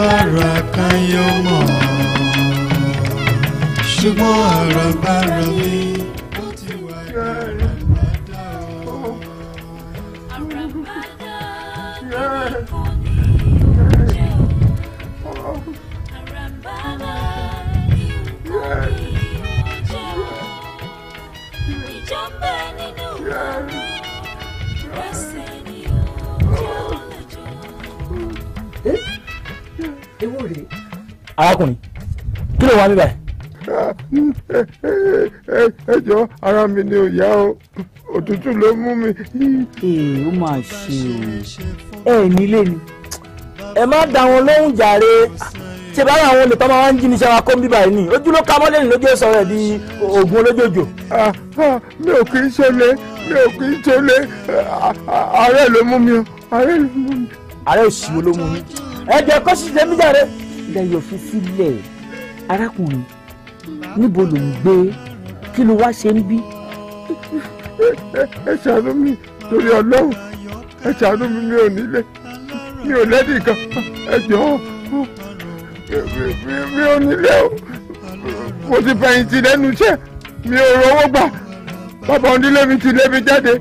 alábàárà káyọ̀ mọ́ ṣùgbọ́n àràbàrà mi. arákùnrin kí ló wà níbẹ̀. ẹ jọ̀ọ́ ara mi ni ò yá o òtútù ló mú mi. ee ó mà ṣe o ẹ nílé ni ẹ má dá wọn lóhùn jàre ṣe báyà àwọn olùkọ́ máa ń jí níṣẹ́ wa kó ń ni ojú ló ka mọ́lẹ́ni lójú sọ̀rọ̀ ẹ̀ di oògùn olójoojo. mi ò kì í ṣọlẹ mi ò kì í ṣọlẹ àárẹ̀ ló mú mi o àárẹ̀ ló mú mi. àárẹ̀ òṣìwò ló mú mi ẹ jẹ́ kó sì jẹ́ mí Dayọ̀ fi sílẹ̀ arákùnrin níbo ló ń gbé kí ló wá ṣe ń bí. ẹ ṣàánú mi torí ọlọ́run ẹ ṣàánú mi mi ò nílé mi ò lẹ́dí kan ẹ jọ̀ọ́ mi ò nílé o mo ti fẹ̀yìntì lẹ́nu iṣẹ́ mi ò rówó gbà bàbá onílé mi ti lé mi jáde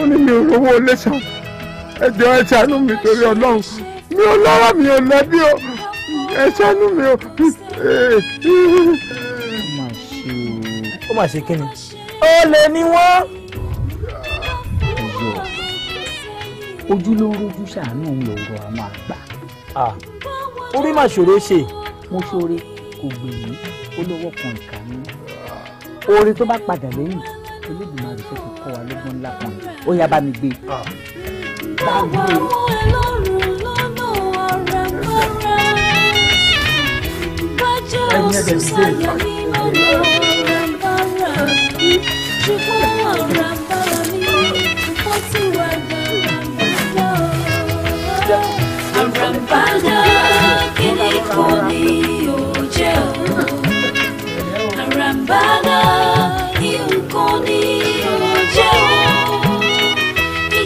ó ní mi ò rówó lé san ẹ jọ̀ọ́ ẹ ṣàánú mi torí ọlọ́run mi ò lọ́rọ̀ mi ò lẹ́bí o ẹ ṣàánú mi o. ó mà ṣe kí ni. ó lè ní wọ́n. ojú ló ń rojú ṣàánú mi ọ̀rọ̀ àwọn àgbà. orí mà ṣòro ṣe. mo ṣoore kò gbèmí ó kan ìka mi. oore tó bá padà lẹ́yìn olódùmarè tó fi kọ́ wa lọ́gbọ́n ńlá kan ó yá bá mi gbé. báwo ni.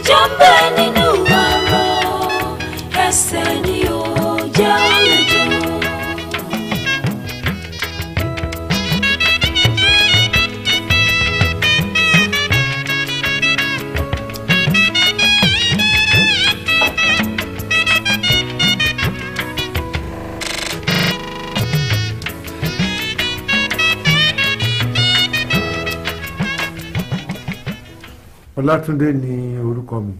Jumping Ọlátúndé ni orúkọ mi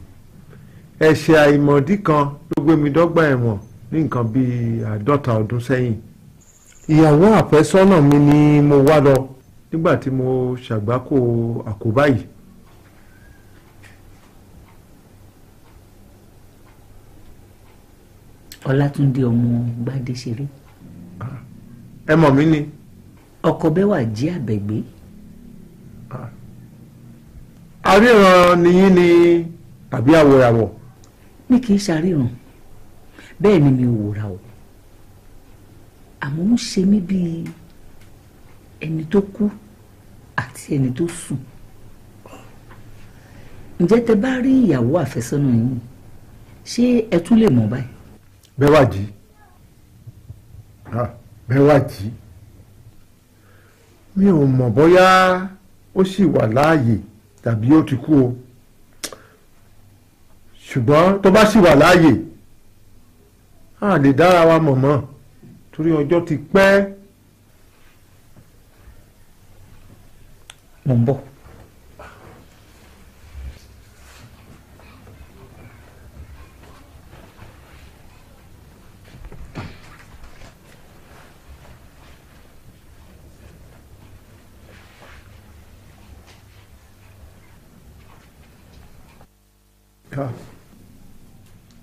ẹ̀ṣẹ̀ àìmọ̀dí kan ló gbé mi dọ́gba ẹ̀wọ̀n ní nǹkan bíi àádọ́ta ọdún sẹ́yìn ìyàwó àfẹ́sọ́nà mi ni mo wá lọ nígbà tí mo ṣàgbákò àkóbá yìí Ọlátúndé ọmọ Gbádéṣeré. ẹ mọ̀ mí ni. ọkọ bẹ́wà jí àbẹ̀gbé àríran nìyí ni tàbí àwòràwọ̀. mi kì í ṣàríran bẹ́ẹ̀ ni mi ò wòrà o àmọ́ ń ṣe mí bíi ẹni tó kú àti ẹni tó sùn ǹjẹ́ tẹ bá rí ìyàwó àfẹ́sọ́nà yín ṣé ẹ tún lè mọ̀ báyìí. bẹ́ẹ̀ wá jí ah, bẹ́ẹ̀ wá jí mi ò mọ̀ bóyá ó sì wà láàyè tàbí ó ti kú o ṣùgbọ́n tó bá sì wà láàyè a lè dára wa mọ̀mọ́ torí ọjọ́ ti pẹ́. mo ń bọ̀.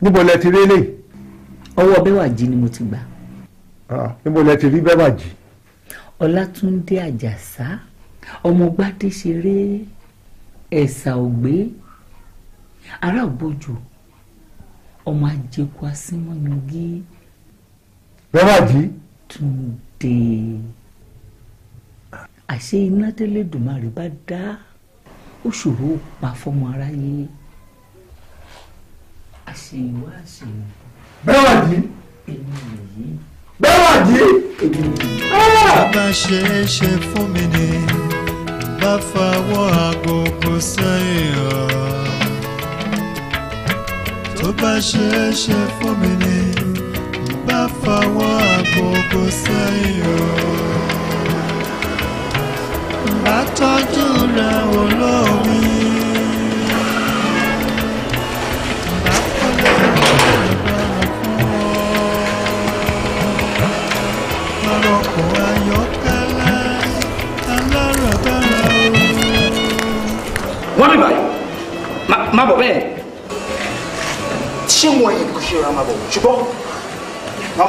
níbo lẹ ti rí eléyìí. ọwọ́ bẹ́wàjì ni mo ti gbà. níbo lẹ ti rí bẹ́wàjì. ọlátúndé àjàsá ọmọ gbádéṣeré ẹ̀sà ògbé ará ògbójò ọmọ ajẹkù asímọ́yọgí. bẹ́wàjì. túndé àṣé iná délé dùnmọ́ rẹ̀ bá dá ó ṣòro pa fọmọ aráyé àṣeyìnwá àṣeyìnwá. Bẹ́wàjí. Bẹ́wàjí. Bá ah! ṣe é ṣe fún mi ni bá fawọ́ agogo sẹ́yìn ọ̀. Tó bá ṣe é ṣe fún mi ni bá fawọ́ agogo sẹ́yìn ọ̀. Bá tọ́jú rẹ̀ olómi. má bọ̀ bẹ́ẹ̀ ṣé wọn yìí kò ṣe ra má bọ̀ ṣùgbọ́n má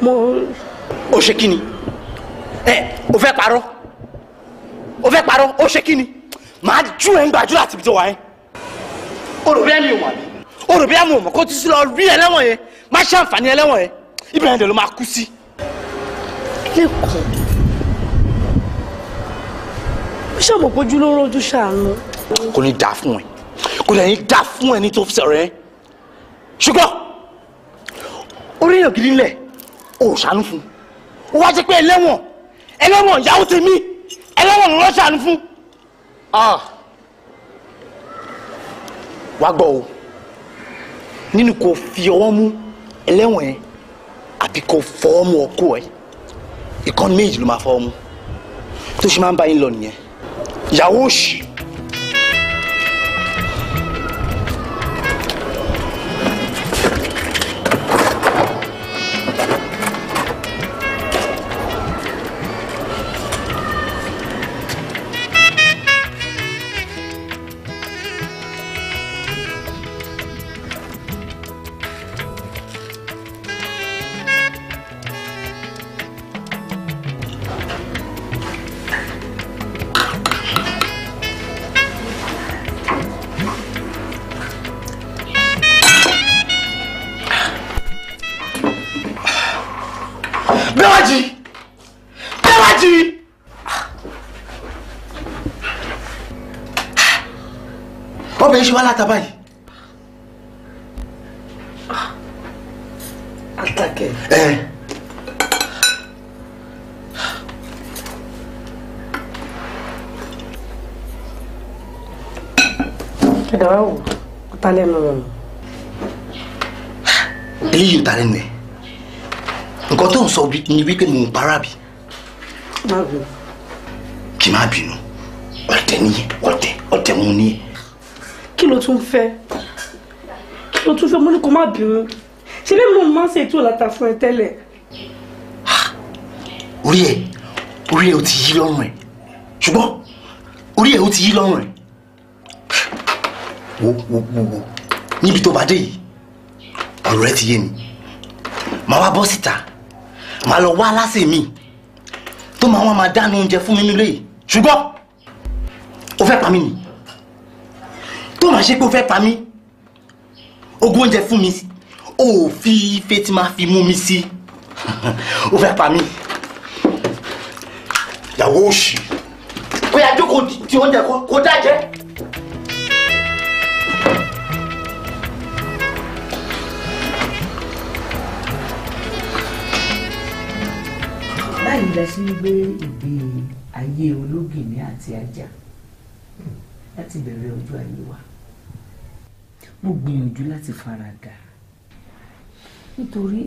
mo mo. o ṣe kí ni ẹ o fẹ́ parọ́ o o ṣe kí ni màá ju ẹ̀ ń gbàdúrà tìbí tó wà yẹn o rò bí ẹ̀ mi o rò bí ẹ̀ mi ò mọ̀ kó tún sí lọ rí ẹlẹ́wọ̀n yẹn má ṣe àǹfààní ẹlẹ́wọ̀n yẹn ibẹ̀ yẹn ló kú sí. lẹ́kọ̀ọ́ ó ṣàmọ̀ pé ojú ló rọ́jú ṣàánú. kò ní dáa fún ẹ kò ní dáa fún ẹ ní tó sọ̀rọ̀ ẹ ṣùgbọ́n orí èèyàn gidi ńlẹ̀ ò ṣàánú fún ó wá jẹ́ pé ẹlẹ́wọ̀n ẹlẹ́wọ̀n ìyàwó tèmi ẹlẹ́wọ̀n ló ṣàánú fún. wá gbọ́ o nínú kò fi ọwọ́ mú ẹlẹ́wọ̀n yẹn àbí kò fọwọ́ mú ọkọ ẹ ìkànnì méjì ló máa fọwọ́ mú tó ṣe máa ń bá yín lọ nìyẹn. Yaúche. ata báyìí. atakẹ. ẹ. ẹ̀dá wa wò ó ta lẹ́nu rẹ̀. eléyìí ò ta lẹ́nu rẹ̀ nǹkan tó ń sọ ni wípé mo ń para bí. kì má bínú ọ̀tẹ̀ nìyẹn ọ̀tẹ̀ ọ̀tẹ̀ mo nìyẹn ló tún fẹ́ kí ló tún fẹ́ mo ní kó má bínú ṣe lè mú máa ń ṣe ètò ìlàta fún ẹ tẹ́lẹ̀. orí ẹ orí ẹ ó ti yí lọ́rùn ẹ ṣùgbọ́n orí ẹ ó ti yí lọ́rùn ẹ wo wo wo wo níbi tó bá dé yìí ọ̀rọ̀ ẹ ti yé mi màá wá bọ́ síta màá lọ wá aláṣẹ mi tó máa wá máa dáná oúnjẹ fún mi nílé yìí ṣùgbọ́n ó fẹ́ pa mí nìyí tó máa ṣe pé o fẹ́ pa mí ogún oúnjẹ fún mi o ò fi ife tí máa fi mú mi sí o fẹ́ pa mí ìyàwó òṣì ó yà jókòó ti oúnjẹ kó dájẹ́. báyìí la ṣe ń gbé ìgbé ayé ológìní àti ajá láti bẹ̀rẹ̀ ọjọ́ ayé wa mo gbìyànjú láti faradà nítorí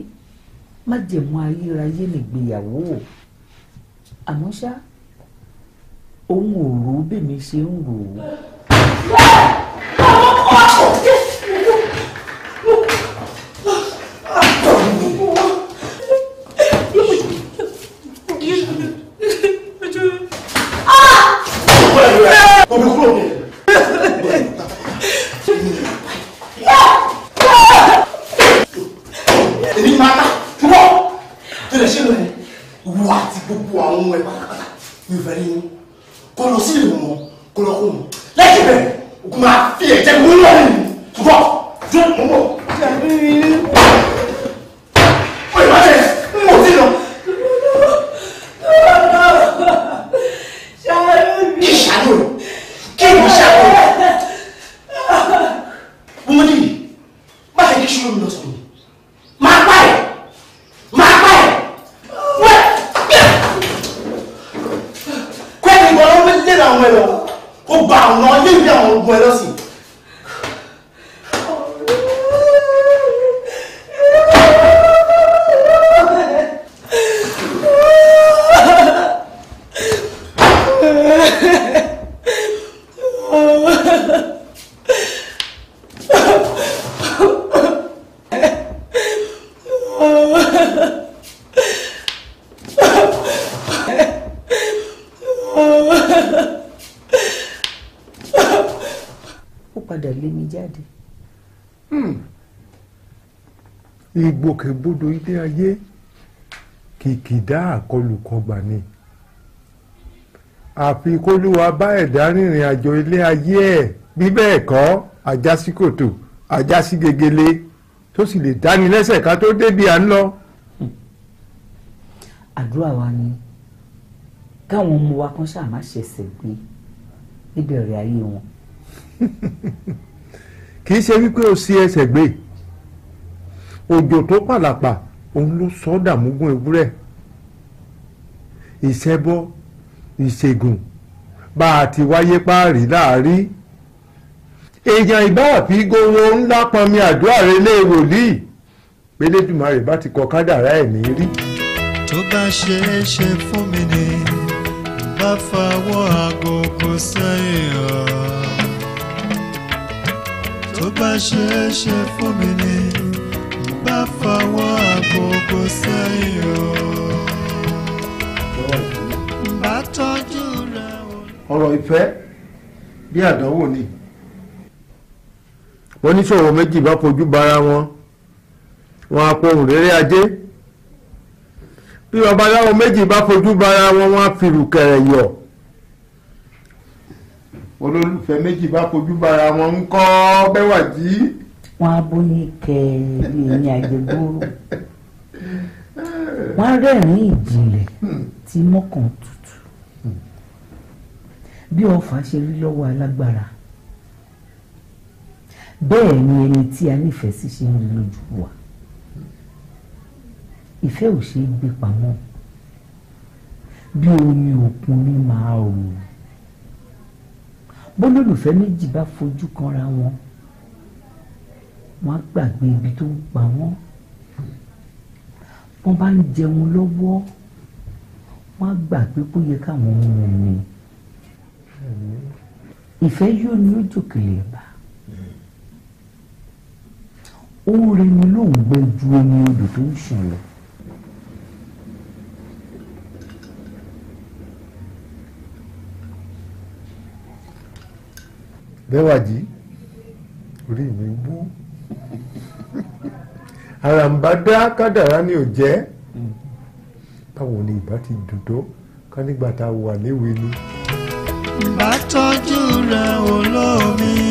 májẹ̀mú ayérayé nìgbéyàwó àmọ́ ṣá òun ò rò ó bèmi ṣe ń rò ó. àwọn ọkọ̀ àkọ́kẹ́. ó padà lé mi jáde. Hmm. ìgbòkègbodò ilé ayé kìkìdá àkọlùkọgbà ni àfi kólúwa bá ẹ̀dá rìnrìn àjò ilé ayé ẹ̀ bí bẹ́ẹ̀ kọ́ àjàsíkòtò àjàsígegele tó sì lè dáni lẹ́sẹ̀ ká tó débi à ń lọ. àdúrà wa ni káwọn ọmọ wa kan ṣáà má ṣẹ̀ṣẹ̀ gbé níbẹ̀rẹ̀ ayé wọn kì í ṣe wípé o sí ẹsẹ̀ gbé òjò tó pàlàpà òun ló sọ dàmúgún ewúrẹ́ ìṣẹ́bọ ìṣègùn bá a ti wáyé páàrí láàrí èèyàn ìbá àfi gowó ńlá pọnmi àdúrà rẹ lé wòlíì pélédùmarè bá ti kọ kádàrá ẹ̀mí rí. tó bá ṣe é ṣe fún mi ni bá fọwọ́ àgọ́kọ́ sẹ́yìn ọ̀ tó bá ṣeé ṣe fún mi ni bá fọwọ́ àkókò sẹ́yìn o. bá tọ́jú rẹ̀ o. ọ̀rọ̀ ìfẹ́ bí àdánwò ni. wọ́n ní sọ̀rọ̀ méjì bá kojú bara wọn wọn á pohùn réré ajé bí babaláwo méjì bá fojú bara wọn wọn á fi rùkẹ̀rẹ̀ yọ̀ olólùfẹ́ méjì bá kojú bára wọn ń kọ́ bẹ́wàdí. wọn á bó ní kẹrin ìyìn àgbègbòrò wọn á rẹ́rìn ìjìnlẹ̀ tí mọ́kàn tutù bí ọfà ṣe rí lọ́wọ́ alágbára bẹ́ẹ̀ ni ẹni tí a nífẹ̀ẹ́ sí ṣe ń lójú wa ìfẹ́ ò ṣe é gbé pamọ́ bí omi òkun ní màá rò ó bólólùfẹ́ méjì bá fojú kanra wọn wọn á gbàgbé ibi tó ń pa wọn wọn bá ń jẹun lọ́wọ́ wọn á gbàgbé kó yẹ káwọn ohun mi ìfẹ́ yóò ní ojòkèlè bá ó rẹni lóun gbẹ ju omi odò tó ń sùn lọ. Bẹ́wàjí orí mi wú ara ń bá dá kádàrá ni ò jẹ́ báwo ni ìbá ti dùn tó ká nígbà tá a wà léwe ni. ìbá tọ́jú rẹ̀ olómi.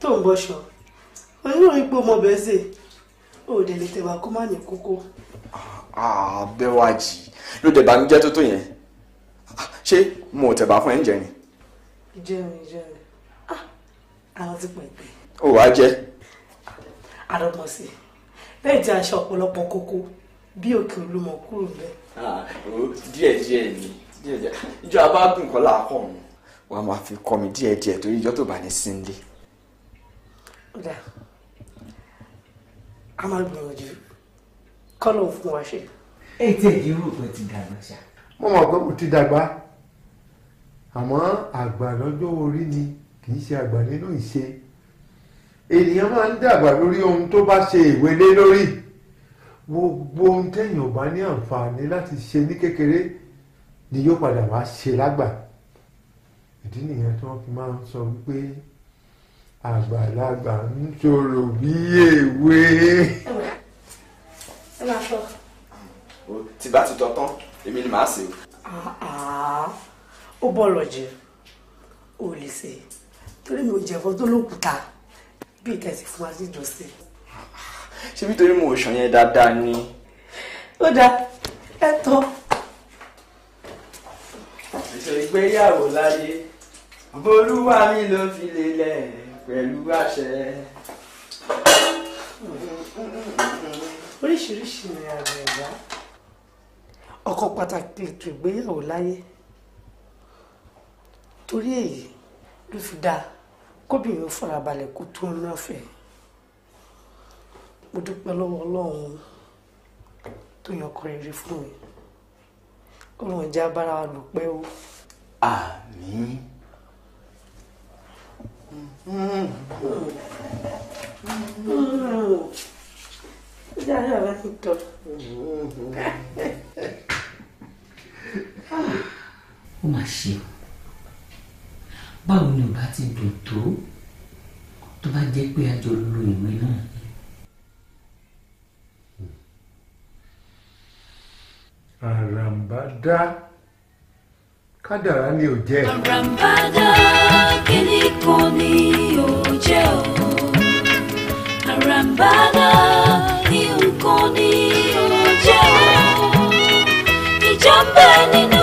tó ń bọ̀ṣọ̀ oníròyìn pé ọmọbẹ̀ ṣe o dẹ̀ lè tẹ̀wá kó má ní kókó. àbẹ̀wájì ah, ló dẹ̀ bá mi jẹ́ tó tó yẹn ṣé mo tẹ̀bà fún ẹ̀ ń jẹ ni. ìjẹun ìjẹun ah, àwọn ti pẹ̀pẹ̀. ó wàá jẹ́. àdọ́gbọ̀n sí bẹ́ẹ̀ jẹ́ aṣọ ọ̀pọ̀lọpọ̀ kókó bí òkè olúmọ kúrò bẹ́ẹ̀. Ah, díẹ̀ díẹ̀ ni díẹ̀ díẹ̀ ìjọ abágùn kọ́lá akọ̀ mu wàá máa fi kọ́ mi díẹ̀ díẹ̀ torí ìjọ tó bá ní sí nílé ọ̀dà a máa gbìyànjú kọ́lọ̀ fún wa ṣe. ẹ tí èyí rò pé ti dàgbà ṣá. mo mọ̀ pé mo ti dàgbà àmọ́ àgbà lọ́jọ́ orí ni kì í ṣe àgbà nínú ìṣe ènìyàn máa ń dàgbà lórí ohun tó bá ṣe ìwé lé lórí gbogbo ohun téèyàn ò bá ní àǹfààní láti ṣe ní kékeré ni yóò padà wá ṣe lágbà ìdí nìyẹn tí wọ́n fi máa ń sọ wípé àgbàlagbà ń ṣòro bí èwe. ẹ máa sọ. tí bá ti tọ́ tán èmi ni màá sè o. ó bọ̀rọ̀ jẹ ò lè ṣe torí mi ò jẹ̀fọ́ tó lókùúta bí ìtẹ̀sí fún wa sí ìjọsìn. ṣé nítorí mo ò yẹn dáadáa ni. ó dáa ẹ tọ́. ìṣègbéyàwó láyé bolúwa mi ló fi lélẹ̀ pẹ̀lú àṣẹ. oríṣiríṣi ni àrùn ẹ̀dá ọkọ pàtàkì ètò ìgbéyàwó láyé torí èyí ló fi dáa kóbìnrin farabalẹ̀ kó tó ń lọ́fẹ̀ẹ́ mo dúpẹ́ lọ́wọ́ ọlọ́run tó yan ọkọ rere fún mi ọlọ́run jẹ́ abára wa lò pẹ́ o. àmín. Ah, Yàrá rẹ̀ ti tọ̀. Ó mà ṣe o. Báwo ni ò bá ti dùn tó tó bá jẹ́ pé àjọ lo ìwé náà? Àràǹbá dá kádàrá ni ò jẹ́. Àràǹbá dá kan ni yóò jẹ́ o àràǹbáná ní nǹkan ni yóò jẹ́ o ìjọba ẹni náà.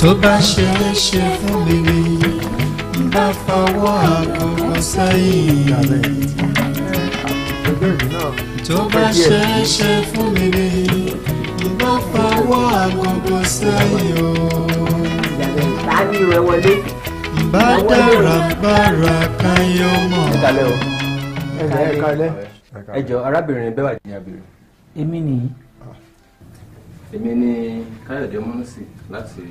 tó bá ṣe é ṣe fún mi ni n bá fọwọ́ àkókò sẹ́yìn. tó bá ṣe é ṣe fún mi ni n bá fọwọ́ àkókò sẹ́yìn o. bá dára bára káyọ̀ mọ̀. ẹ jọ arábìnrin bẹ́wà ní abirùn. èmi nìyí. èmi ni Káyọ̀dé Mọ́nsì láti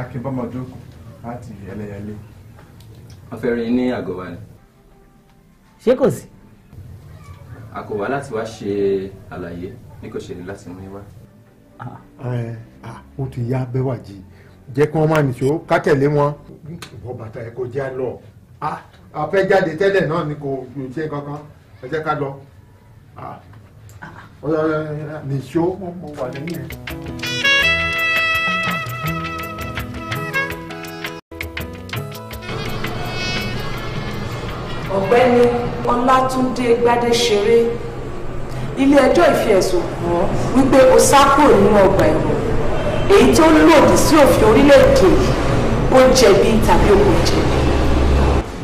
akínbámọjókòó láti ẹlẹyẹlé. wọ́n fẹ́ rin ní àgọ́ wa ni. ṣé kò sí. a kò wá láti wá ṣe àlàyé bí kò ṣe ní láti mú wá. ó ti yá Bẹ́wàjí jẹ́ kí wọ́n máa nìṣó ká tẹ̀lé wọn. ìwọ bàtà ẹ kò já lọ a fẹ́ jáde tẹ́lẹ̀ náà ni kò ṣe kankan ẹ jẹ́ ká lọ nìṣó mo wà lẹ́yìn ẹ̀. ọ̀gbẹ́ni ọlátúndé gbádéṣeré ilé-ẹjọ́ ìfi ẹ̀sùn kàn án wípé o sá kúrò nínú ọgbà ẹ̀wọ̀n èyí tó lòdì sí òfin orílẹ̀-èdè yìí ó jẹ̀bi tàbí ó kò jẹ̀bi.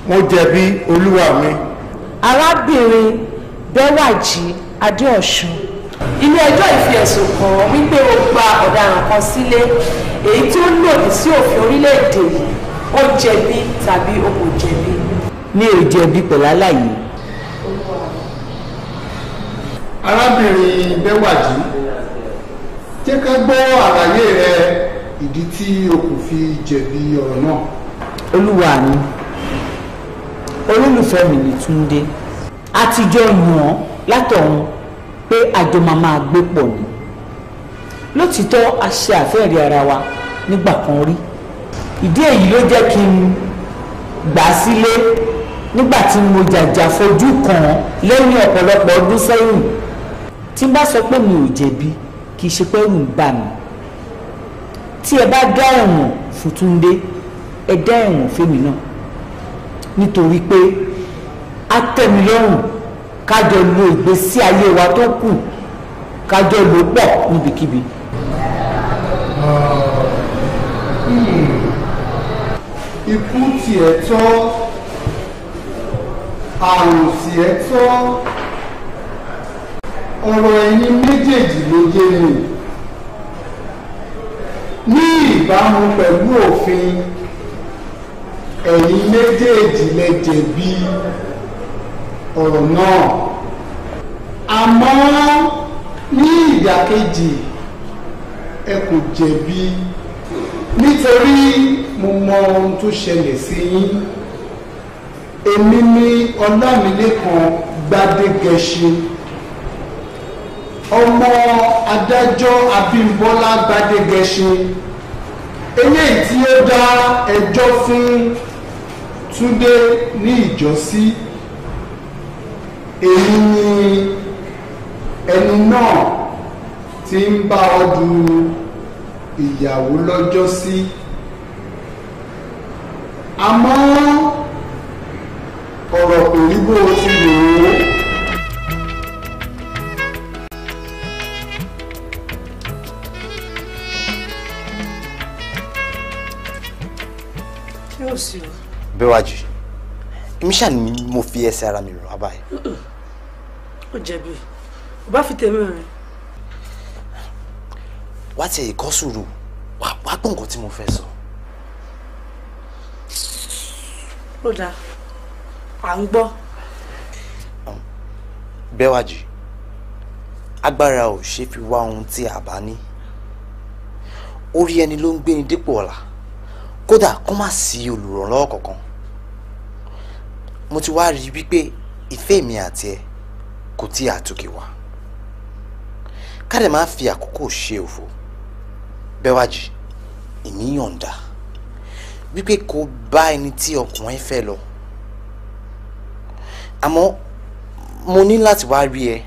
mo jẹ̀bi olúwa mi. arábìnrin bẹ́wàjì adéọ̀sùn ilé-ẹjọ́ ìfi ẹ̀sùn kàn án wípé ó gba ọ̀daràn kan sílé èyí tó lòdì sí òfin orílẹ̀-èdè yìí ó jẹ̀bi tàbí ó kò jẹ̀bi mi ò jẹ̀bi pẹ̀lú aláyé. arábìnrin bẹ́wàjì jẹ́ ká gbọ́ àlàyé rẹ ìdí tí o kò fi jẹ̀bi ọ̀rọ̀ náà. olúwa mi olólùfẹ́ mi ni túndé àtijọ́ yàn látọ̀hún pé àjọ máa gbé pọ̀ ni lótìtọ́ a ṣe àfẹ́rí ara wa nígbà kan rí ìdí èyí ló jẹ́ kí n gbà sílé nígbà tí mo jàjà fojú kàn án lẹ́yìn ọ̀pọ̀lọpọ̀ ọdún sẹ́yìn tí n bá sọ pé mi ò jẹ̀bi kì í ṣe pé ẹ̀rù ń bà mí tí ẹ bá dá ẹ̀wọ̀n fún Túndé ẹ dá ẹ̀wọ̀n fèmí náà nítorí pé a tẹ̀mí lọ́rùn kájọ lo ìgbésí ayé wa tó kù kájọ lò pọ̀ níbikíbi. Ah, hmm. ikú tiẹ̀ tọ́ àròsì ẹ tọ́ ọ̀rọ̀ ẹ̀yin méjèèjì ló yé mi ní ìbámu pẹ̀lú òfin ẹ̀yin méjèèjì lẹ jẹ̀bi ọ̀rọ̀ náà àmọ́ ní ìdàkejì ẹ kò jẹ̀bi nítorí mo mọ ohun tó ṣẹlẹ̀ sí yín èmi ní ọlámilẹ́kan gbadegẹṣin ọmọ adájọ́ abímbọ́lá gbadegẹṣin eléyìí tí ó dá ẹjọ́ fún túndé ní ìjọ́sí èmi ni ẹni náà ti ń bá ọ du ìyàwó lọ́jọ́ sí àmọ́ ọ̀rọ̀ kò rí bó o ti rò ó. Bẹ́wàjì, èmi ṣáà ni mo fi ẹsẹ̀ ara mi rọ̀ abáyé. Ó jẹ̀bi, O bá fi tèmi rìn. Wá ti ẹ̀yìn kọ́ sùúrù, wàá gbọ́ nǹkan tí mo fẹ́ sọ. Ó dáa à ń gbọ́. bẹ́wàjì agbára ò ṣe fi wá ohun tí a bá ní orí ẹni ló ń gbé ni dípò ọ̀la kódà kó má sí olùrànlọ́wọ́ kankan mo ti wá rí i wípé ìfẹ́ mi àti ẹ kò tí ì àtòkè wá ká lè má fi àkókò ṣe òfò bẹ́wàjì èmi yọ̀ǹda wípé kó bá ẹni tí ọkùnrin fẹ́ lọ àmọ́ mo ní láti wá rí ẹ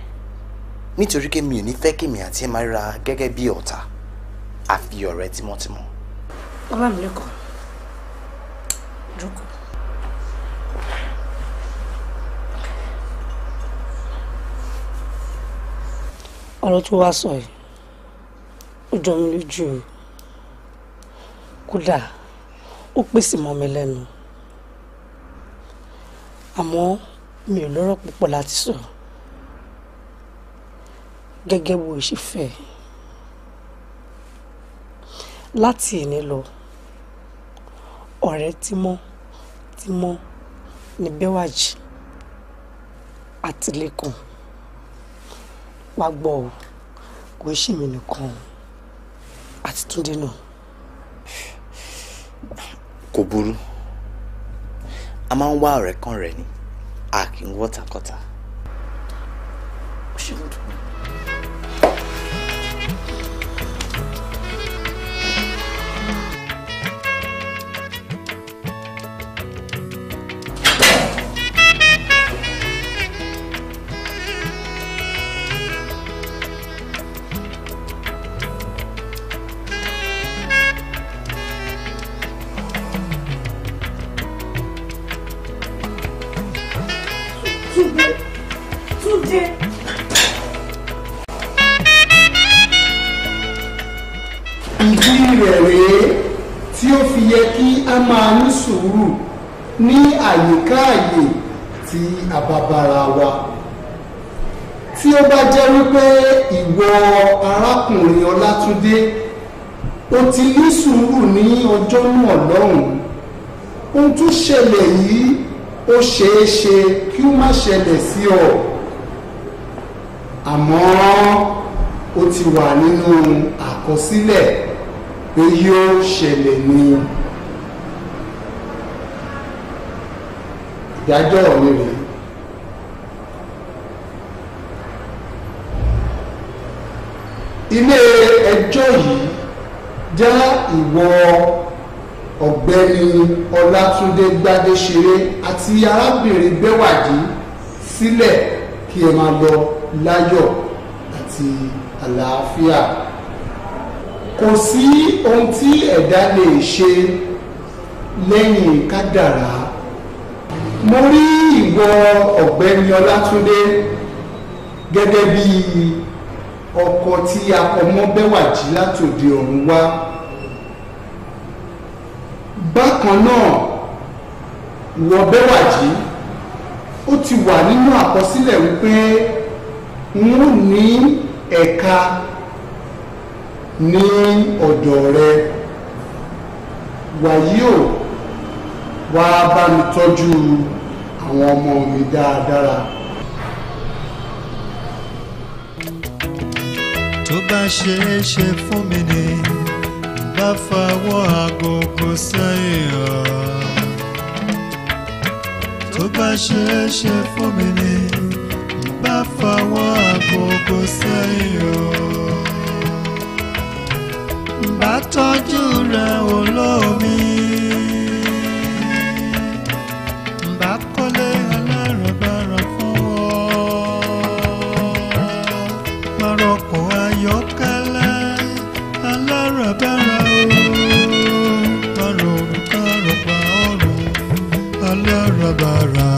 nítorí pé mi ò ní fẹ́ kèmí àti ẹ máa ra gẹ́gẹ́ bí ọ̀tá àfi ọ̀rẹ́ tímọ́tímọ́. ọba mi lẹ́kọ̀ọ́ jókòó. ọ̀rọ̀ tó wá sọ yìí ó jọ mi lójú o kódà ó pèsè mọ́ mi lẹ́nu àmọ́ mi ò lọ́rọ̀ púpọ̀ láti sọ gẹ́gẹ́ bó ṣe fẹ́ láti ìní lọ ọ̀rẹ́ tímọ́ tímọ́ ní Bẹ́wàjì àti Lékan wá kò ṣe mí nìkan àti Túndé náà. kò burú a máa ń wá ọ̀rẹ́ kan rẹ̀ ni a kì í wọ́tàkọ́tà ṣe ń dùn mí. ká máa ní sùúrù ní àyíká àyè tí a bá bára wa tí ó bá jẹ́ wípé ìwọ arákùnrin Ọlátúndé o ti ní sùúrù ní ọjọ́ náà lọ́hùn-ún ohun tó ṣẹlẹ̀ yìí ó ṣeé ṣe kí ó má ṣẹlẹ̀ sí ọ àmọ́ ó ti wà nínú àkọsílẹ̀ pé yóò ṣẹlẹ̀ ni. ìdájọ́ mi rèé ilé ẹjọ́ yìí já ìwọ ọ̀gbẹ́ni ọlátúndé gbádéṣeré àti arábìnrin gbẹ́wàdí sílẹ̀ kí ẹ máa lọ láyọ̀ àti àlàáfíà kò sí ohun tí ẹ̀dá lè ṣe lẹ́yìn kádàrá mo rí ìwọ ọ̀gbẹ́ni Ọlátúndé gẹ́gẹ́ bí ọkọ tí akọmọbẹ́wà jí látòde ọ̀run wá bákan náà ìwọ bẹ́wà ó ti wà nínú àkọsílẹ̀ wípé n ó ní ẹka ní ọdọ rẹ wàyí o. wá bá mi tọ́jú àwọn ọmọ mi dáadáa. tó bá ṣe é ṣe fún mi ni bá fọwọ́ agogo sẹ́yìn ọ̀ tó bá ṣe é ṣe fún mi ni bá fọwọ́ agogo sẹ́yìn ọ̀ bá tọ́jú rẹ̀ olómi. ọkọ̀ ayọ́kẹ́lẹ́ aláràbarà o ọ̀rọ̀ òrùka rọ̀pá ọ̀rọ̀ aláràbarà.